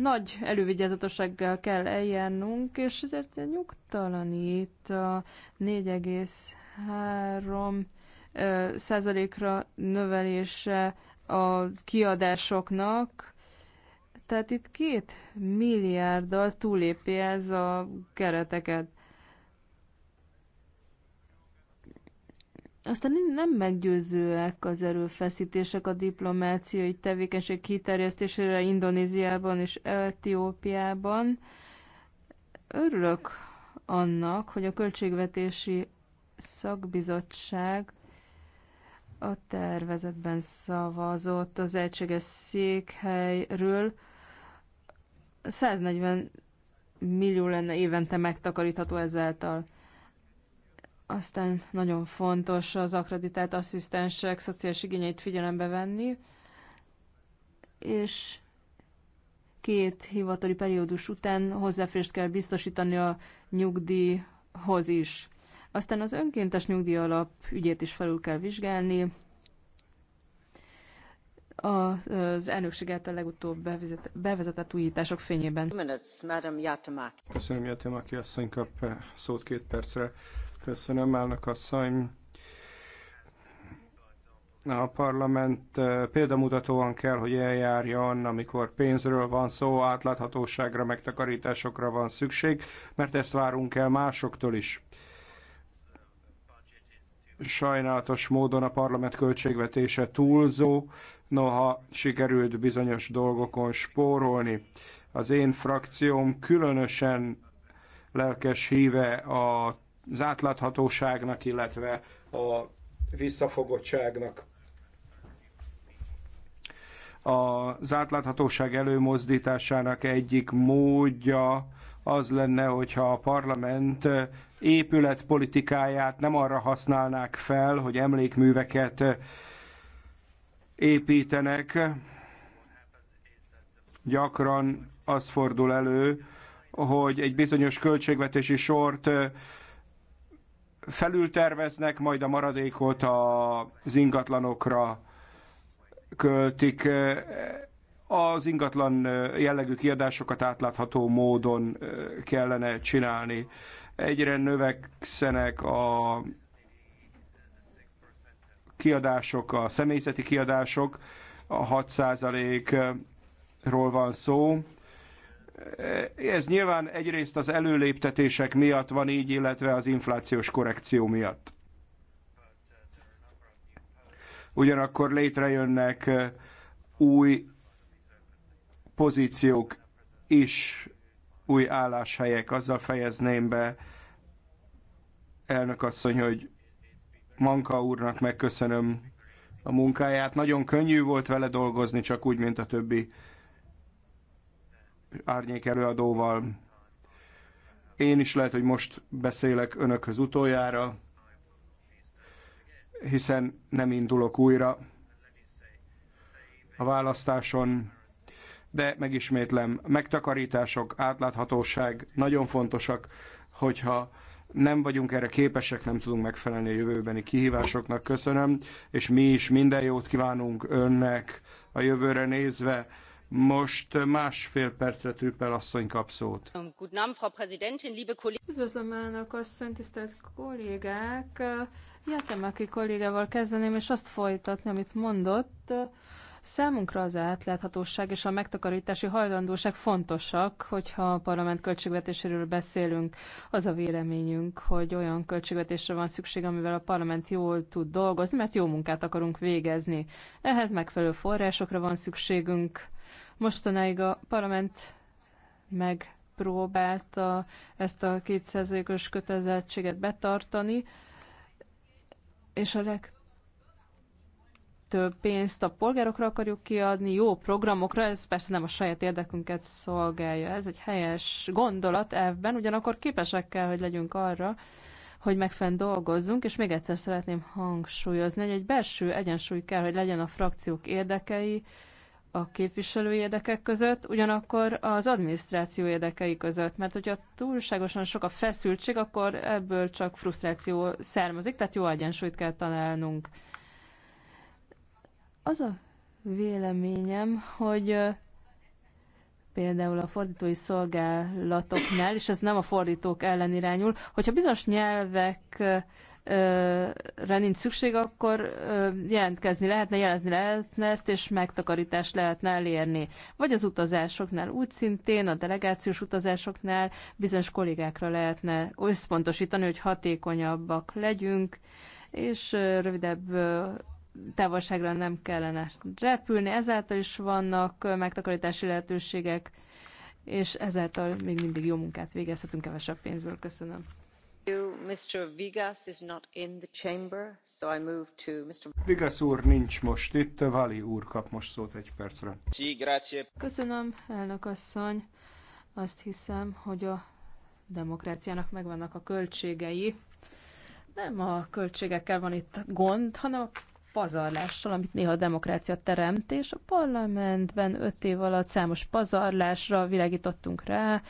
nagy elővigyázatossággal kell eljárnunk, és ezért nyugtalanít a 4,3 százalékra növelése a kiadásoknak, tehát itt két milliárddal túlépi ez a kereteket. Aztán nem meggyőzőek az erőfeszítések a diplomáciai tevékenység kiterjesztésére Indonéziában és Etiópiában. Örülök annak, hogy a költségvetési szakbizottság a tervezetben szavazott az egységes székhelyről. 140 millió lenne évente megtakarítható ezáltal. Aztán nagyon fontos az akreditált asszisztensek szociális igényeit figyelembe venni, és két hivatali periódus után hozzáférést kell biztosítani a nyugdíjhoz is. Aztán az önkéntes nyugdíjalap ügyét is felül kell vizsgálni. Az elnökség által legutóbb bevezetett újítások fényében. Köszönöm, Jatemaki asszony kap eh, szót két percre. Köszönöm, elnök asszony. A parlament eh, példamutatóan kell, hogy eljárjon, amikor pénzről van szó, átláthatóságra, megtakarításokra van szükség, mert ezt várunk el másoktól is sajnálatos módon a parlament költségvetése túlzó, noha sikerült bizonyos dolgokon spórolni. Az én frakcióm különösen lelkes híve az átláthatóságnak, illetve a visszafogottságnak. Az átláthatóság előmozdításának egyik módja az lenne, hogyha a parlament eh, épületpolitikáját nem arra használnák fel, hogy emlékműveket eh, építenek. Gyakran az fordul elő, hogy egy bizonyos költségvetési sort eh, felülterveznek, majd a maradékot az ingatlanokra költik az ingatlan jellegű kiadásokat átlátható módon kellene csinálni. Egyre növekszenek a kiadások, a személyzeti kiadások, a 6%-ról van szó. Ez nyilván egyrészt az előléptetések miatt van így, illetve az inflációs korrekció miatt. Ugyanakkor létrejönnek új pozíciók is új álláshelyek. Azzal fejezném be, elnök asszony, hogy Manka úrnak megköszönöm a munkáját. Nagyon könnyű volt vele dolgozni, csak úgy, mint a többi árnyék előadóval. Én is lehet, hogy most beszélek önökhöz utoljára, hiszen nem indulok újra. A választáson de megismétlem, megtakarítások, átláthatóság nagyon fontosak, hogyha nem vagyunk erre képesek, nem tudunk megfelelni a jövőbeni kihívásoknak. Köszönöm, és mi is minden jót kívánunk önnek a jövőre nézve. Most másfél percre Trüppel asszony kap szót. Üdvözlöm, elnök asszony, tisztelt kollégák! Jatemaki kollégával kezdeném, és azt folytatni, amit mondott Számunkra az átláthatóság és a megtakarítási hajlandóság fontosak, hogyha a parlament költségvetéséről beszélünk. Az a véleményünk, hogy olyan költségvetésre van szükség, amivel a parlament jól tud dolgozni, mert jó munkát akarunk végezni. Ehhez megfelelő forrásokra van szükségünk. Mostanáig a parlament megpróbálta ezt a 2 kötelezettséget betartani, és a legtöbb több pénzt a polgárokra akarjuk kiadni, jó programokra, ez persze nem a saját érdekünket szolgálja, ez egy helyes gondolat elvben, ugyanakkor képesek kell, hogy legyünk arra, hogy megfenn dolgozzunk, és még egyszer szeretném hangsúlyozni, hogy egy belső egyensúly kell, hogy legyen a frakciók érdekei, a képviselői érdekek között, ugyanakkor az adminisztráció érdekei között, mert hogyha túlságosan sok a feszültség, akkor ebből csak frusztráció származik, tehát jó egyensúlyt kell találnunk. Az a véleményem, hogy például a fordítói szolgálatoknál, és ez nem a fordítók ellen irányul, hogyha bizonyos nyelvekre nincs szükség, akkor jelentkezni lehetne, jelezni lehetne ezt, és megtakarítást lehetne elérni. Vagy az utazásoknál úgy szintén, a delegációs utazásoknál bizonyos kollégákra lehetne összpontosítani, hogy hatékonyabbak legyünk, és rövidebb távolságra nem kellene repülni, ezáltal is vannak megtakarítási lehetőségek, és ezáltal még mindig jó munkát végezhetünk kevesebb pénzből. Köszönöm. Vigas úr nincs most itt, Vali úr kap most szót egy percre. Köszönöm, elnök asszony. Azt hiszem, hogy a demokráciának megvannak a költségei. Nem a költségekkel van itt gond, hanem a pazarlással, amit néha a demokrácia teremt, és a parlamentben öt év alatt számos pazarlásra világítottunk rá,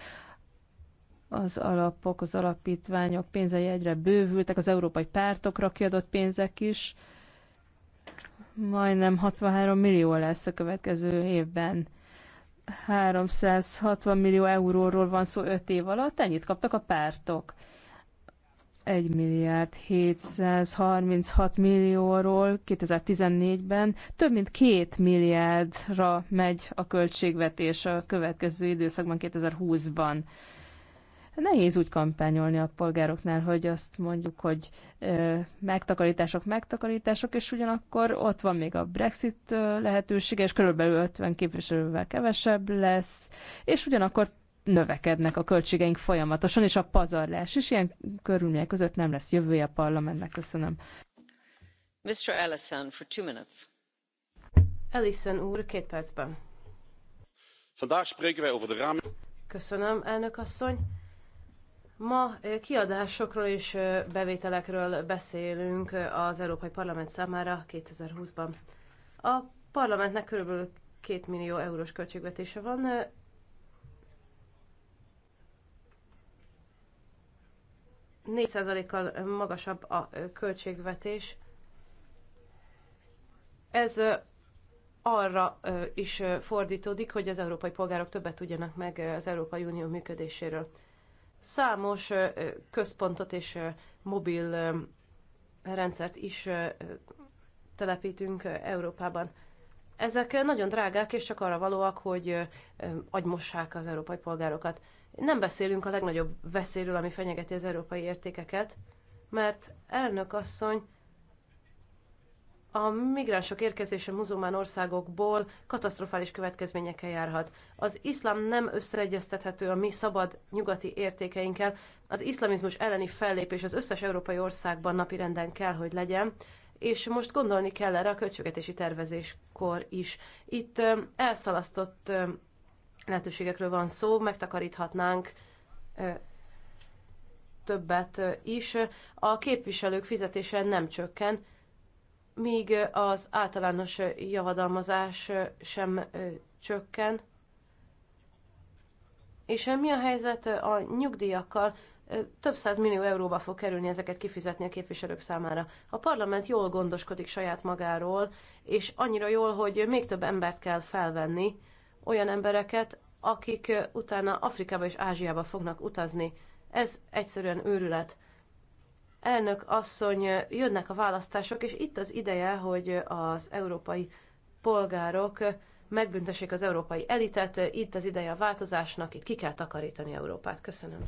az alapok, az alapítványok pénzei egyre bővültek, az európai pártokra kiadott pénzek is, majdnem 63 millió lesz a következő évben. 360 millió euróról van szó 5 év alatt, ennyit kaptak a pártok. 1 milliárd 736 millióról 2014-ben több mint 2 milliárdra megy a költségvetés a következő időszakban, 2020-ban. Nehéz úgy kampányolni a polgároknál, hogy azt mondjuk, hogy ö, megtakarítások, megtakarítások, és ugyanakkor ott van még a Brexit lehetősége, és körülbelül 50 képviselővel kevesebb lesz, és ugyanakkor növekednek a költségeink folyamatosan, és a pazarlás is ilyen körülmények között nem lesz jövője a parlamentnek. Köszönöm. Mr. Ellison, for two minutes. Ellison úr, két percben. Vandaag spreken wij over de Köszönöm, elnök asszony. Ma eh, kiadásokról és eh, bevételekről beszélünk eh, az Európai Parlament számára 2020-ban. A parlamentnek körülbelül 2 millió eurós költségvetése van, 4%-kal magasabb a költségvetés. Ez arra is fordítódik, hogy az európai polgárok többet tudjanak meg az Európai Unió működéséről. Számos központot és mobil rendszert is telepítünk Európában. Ezek nagyon drágák, és csak arra valóak, hogy agymossák az európai polgárokat. Nem beszélünk a legnagyobb veszélyről, ami fenyegeti az európai értékeket, mert elnök asszony a migránsok érkezése muzulmán országokból katasztrofális következményekkel járhat. Az iszlám nem összeegyeztethető a mi szabad nyugati értékeinkkel. Az iszlamizmus elleni fellépés az összes európai országban napirenden kell, hogy legyen, és most gondolni kell erre a költségvetési tervezéskor is. Itt elszalasztott lehetőségekről van szó, megtakaríthatnánk többet is. A képviselők fizetése nem csökken, míg az általános javadalmazás sem csökken. És mi a helyzet a nyugdíjakkal? Több száz millió euróba fog kerülni ezeket kifizetni a képviselők számára. A parlament jól gondoskodik saját magáról, és annyira jól, hogy még több embert kell felvenni, olyan embereket, akik utána Afrikába és Ázsiába fognak utazni. Ez egyszerűen őrület. Elnök asszony, jönnek a választások, és itt az ideje, hogy az európai polgárok megbüntessék az európai elitet, itt az ideje a változásnak, itt ki kell takarítani Európát. Köszönöm.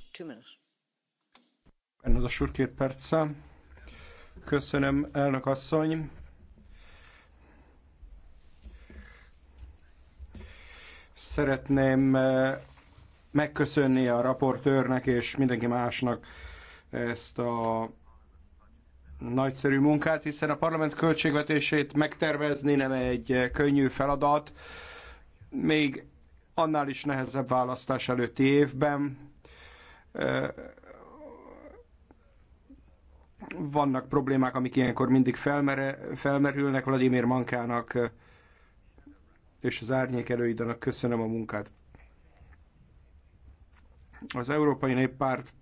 Ennek a sur két Köszönöm, elnök asszony. Szeretném eh, megköszönni a raportőrnek és mindenki másnak ezt a nagyszerű munkát, hiszen a parlament költségvetését megtervezni nem egy könnyű feladat, még annál is nehezebb választás előtti évben. Eh, vannak problémák, amik ilyenkor mindig felmerülnek. Vladimir Mankának eh, és az árnyék előidenek köszönöm a munkát. Az Európai Néppárt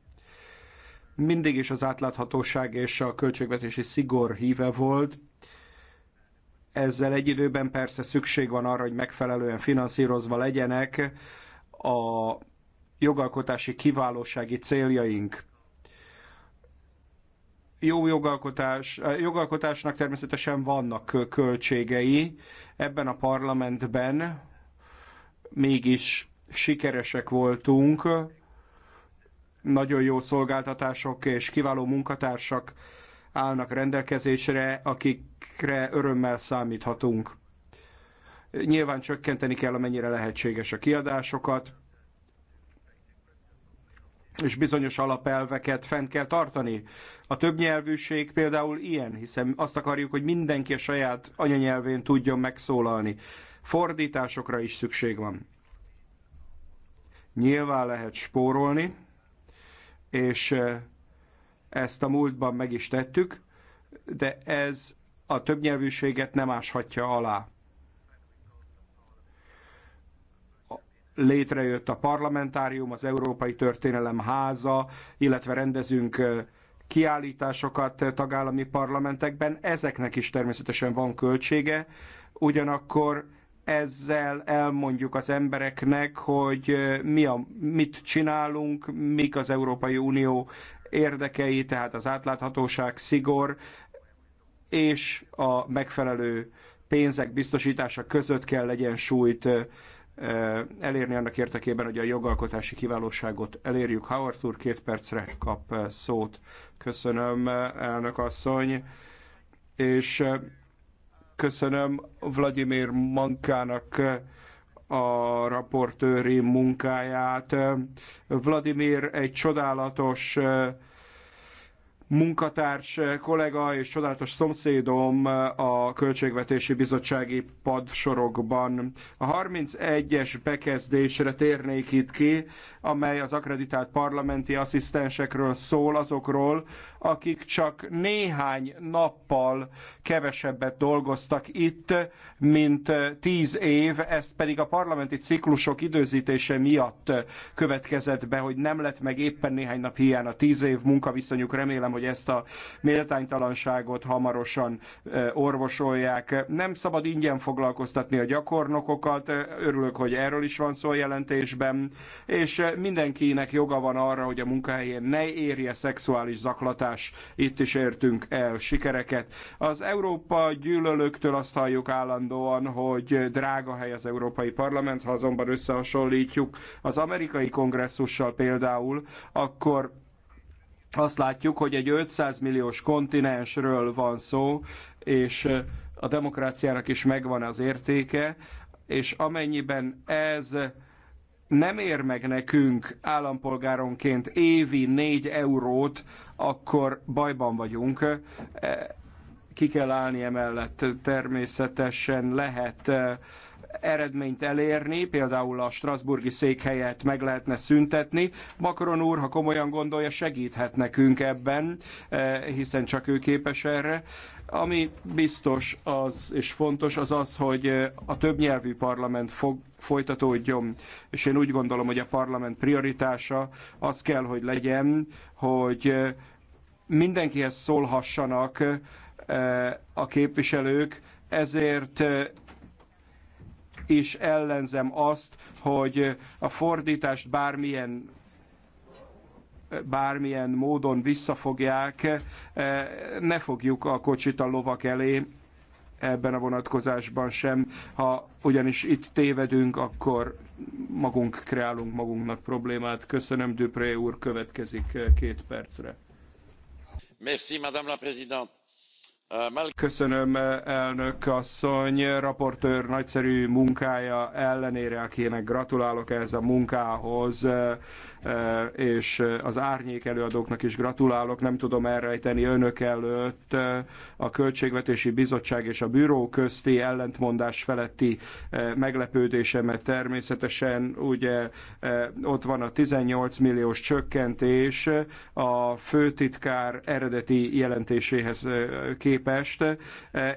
mindig is az átláthatóság és a költségvetési szigor híve volt. Ezzel egy időben persze szükség van arra, hogy megfelelően finanszírozva legyenek a jogalkotási kiválósági céljaink jó jogalkotás, jogalkotásnak természetesen vannak költségei. Ebben a parlamentben mégis sikeresek voltunk, nagyon jó szolgáltatások és kiváló munkatársak állnak rendelkezésre, akikre örömmel számíthatunk. Nyilván csökkenteni kell, amennyire lehetséges a kiadásokat, és bizonyos alapelveket fenn kell tartani. A többnyelvűség például ilyen, hiszen azt akarjuk, hogy mindenki a saját anyanyelvén tudjon megszólalni. Fordításokra is szükség van. Nyilván lehet spórolni, és eh, ezt a múltban meg is tettük, de ez a többnyelvűséget nem áshatja alá. létrejött a parlamentárium, az Európai Történelem Háza, illetve rendezünk kiállításokat tagállami parlamentekben. Ezeknek is természetesen van költsége, ugyanakkor ezzel elmondjuk az embereknek, hogy mi a, mit csinálunk, mik az Európai Unió érdekei, tehát az átláthatóság, szigor és a megfelelő pénzek biztosítása között kell legyen súlyt Eh, elérni annak érdekében, hogy a jogalkotási kiválóságot elérjük. Howard úr két percre kap eh, szót. Köszönöm, elnök asszony. És eh, köszönöm Vladimir Mankának a raportőri munkáját. Vladimir egy csodálatos munkatárs, eh, kollega és csodálatos szomszédom eh, a Költségvetési Bizottsági padsorokban. A 31-es bekezdésre térnék itt ki, amely az akreditált parlamenti asszisztensekről szól, azokról, akik csak néhány nappal kevesebbet dolgoztak itt, mint tíz év, ezt pedig a parlamenti ciklusok időzítése miatt következett be, hogy nem lett meg éppen néhány nap hiány a tíz év munkaviszonyuk. Remélem, hogy ezt a méltánytalanságot hamarosan orvosolják. Nem szabad ingyen foglalkoztatni a gyakornokokat, örülök, hogy erről is van szó a jelentésben, és mindenkinek joga van arra, hogy a munkahelyén ne érje szexuális zaklatást megoldás. Itt is értünk el sikereket. Az Európa gyűlölőktől azt halljuk állandóan, hogy drága hely az Európai Parlament, ha azonban összehasonlítjuk az amerikai kongresszussal például, akkor azt látjuk, hogy egy 500 milliós kontinensről van szó, és a demokráciának is megvan az értéke, és amennyiben ez nem ér meg nekünk állampolgáronként évi 4 eurót, akkor bajban vagyunk. E, ki kell állni emellett természetesen lehet e, eredményt elérni, például a Strasburgi székhelyet meg lehetne szüntetni. Macron úr, ha komolyan gondolja, segíthet nekünk ebben, eh, hiszen csak ő képes erre. Ami biztos az, és fontos, az az, hogy eh, a többnyelvű parlament fog, folytatódjon, és én úgy gondolom, hogy a parlament prioritása az kell, hogy legyen, hogy eh, mindenkihez szólhassanak a képviselők, ezért is ellenzem azt, hogy a fordítást bármilyen bármilyen módon visszafogják, ne fogjuk a kocsit a lovak elé ebben a vonatkozásban sem. Ha ugyanis itt tévedünk, akkor magunk kreálunk magunknak problémát. Köszönöm, Dupré úr, következik két percre. Merci, Madame la Présidente Köszönöm, elnök asszony, raportőr nagyszerű munkája ellenére, akinek gratulálok ehhez a munkához. E, és e, az árnyék előadóknak is gratulálok. Nem tudom elrejteni önök előtt e, a Költségvetési Bizottság és a Bűró közti ellentmondás feletti meglepődésemet természetesen. Ugye ott van a 18 milliós csökkentés a főtitkár eredeti jelentéséhez képest.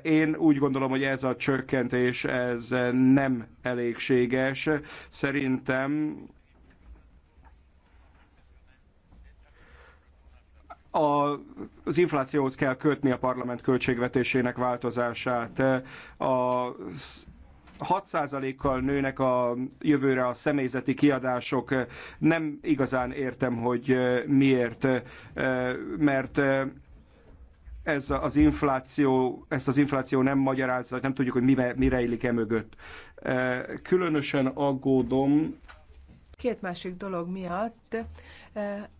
Én úgy gondolom, hogy ez a csökkentés ez nem elégséges. Szerintem a, az inflációhoz kell kötni a parlament költségvetésének változását. A 6%-kal nőnek a jövőre a személyzeti kiadások. Nem igazán értem, hogy miért, mert ez az infláció, ezt az infláció nem magyarázza, nem tudjuk, hogy mire, mi rejlik e mögött. Különösen aggódom. Két másik dolog miatt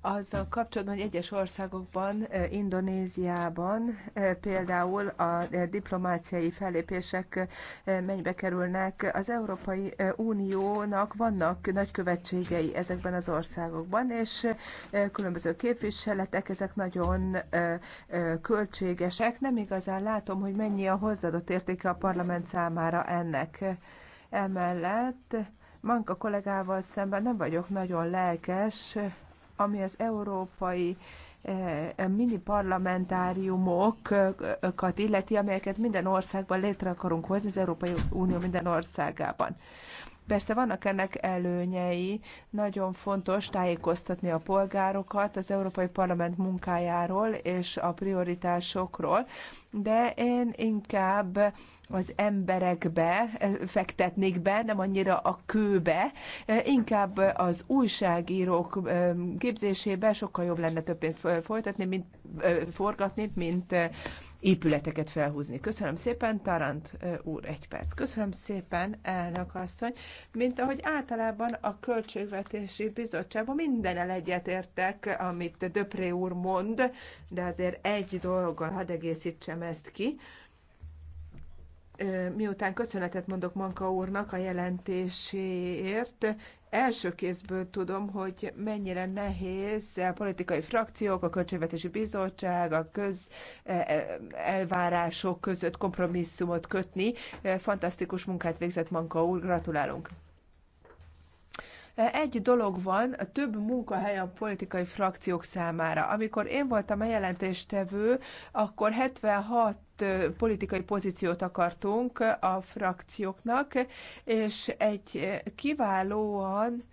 azzal kapcsolatban, hogy egyes országokban, Indonéziában például a diplomáciai fellépések mennybe kerülnek. Az Európai Uniónak vannak nagykövetségei ezekben az országokban, és különböző képviseletek, ezek nagyon költségesek. Nem igazán látom, hogy mennyi a hozzáadott értéke a parlament számára ennek. Emellett Manka kollégával szemben nem vagyok nagyon lelkes, ami az európai eh, eh, mini parlamentáriumokat illeti, amelyeket minden országban létre akarunk hozni, az Európai Unió minden országában. Persze vannak ennek előnyei, nagyon fontos tájékoztatni a polgárokat az Európai Parlament munkájáról és a prioritásokról, de én inkább az emberekbe fektetnék be, nem annyira a kőbe, inkább az újságírók képzésébe sokkal jobb lenne több pénzt folytatni, mint forgatni, mint épületeket felhúzni. Köszönöm szépen, Tarant úr, egy perc. Köszönöm szépen, elnök asszony. Mint ahogy általában a Költségvetési Bizottságban minden egyetértek, amit Döpré úr mond, de azért egy dologgal hadd egészítsem ezt ki, miután köszönetet mondok Manka úrnak a jelentéséért, első kézből tudom, hogy mennyire nehéz a politikai frakciók, a Költségvetési Bizottság, a köz e, e, elvárások között kompromisszumot kötni. Fantasztikus munkát végzett Manka úr, gratulálunk! Egy dolog van, a több munkahely a politikai frakciók számára. Amikor én voltam a jelentéstevő, akkor 76 politikai pozíciót akartunk a frakcióknak, és egy kiválóan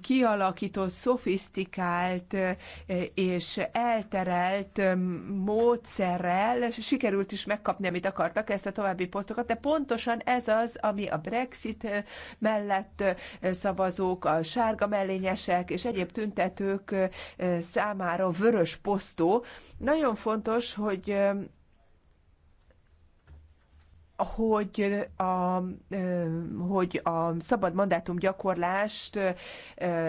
kialakított, szofisztikált és elterelt módszerrel sikerült is megkapni, amit akartak, ezt a további posztokat, de pontosan ez az, ami a Brexit mellett szavazók, a sárga mellényesek és egyéb tüntetők számára vörös posztó. Nagyon fontos, hogy hogy a, hogy a szabad mandátum gyakorlást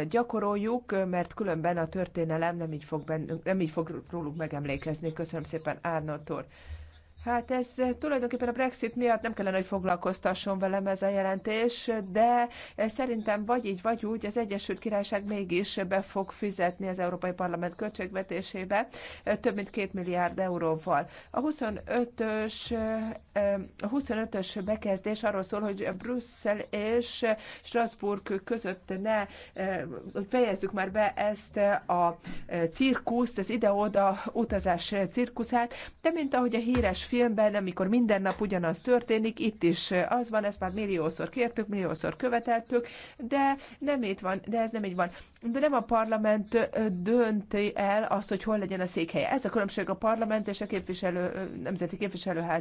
gyakoroljuk, mert különben a történelem nem így fog, bennünk, nem így fog róluk megemlékezni. Köszönöm szépen, Árnott úr. Hát ez eh, tulajdonképpen a Brexit miatt nem kellene, hogy foglalkoztasson velem ez a jelentés, de eh, szerintem vagy így, vagy úgy az Egyesült Királyság mégis be fog fizetni az Európai Parlament költségvetésébe eh, több mint két milliárd euróval. A 25-ös, a 25-ös bekezdés arról szól, hogy Brüsszel és Strasbourg között ne, fejezzük már be ezt a cirkuszt, az ide-oda utazás cirkuszát, de mint ahogy a híres filmben, amikor minden nap ugyanaz történik, itt is az van, ezt már milliószor kértük, milliószor követeltük, de nem itt van, de ez nem így van. De nem a parlament dönti el azt, hogy hol legyen a székhelye. Ez a különbség a parlament és a képviselő, nemzeti képviselőház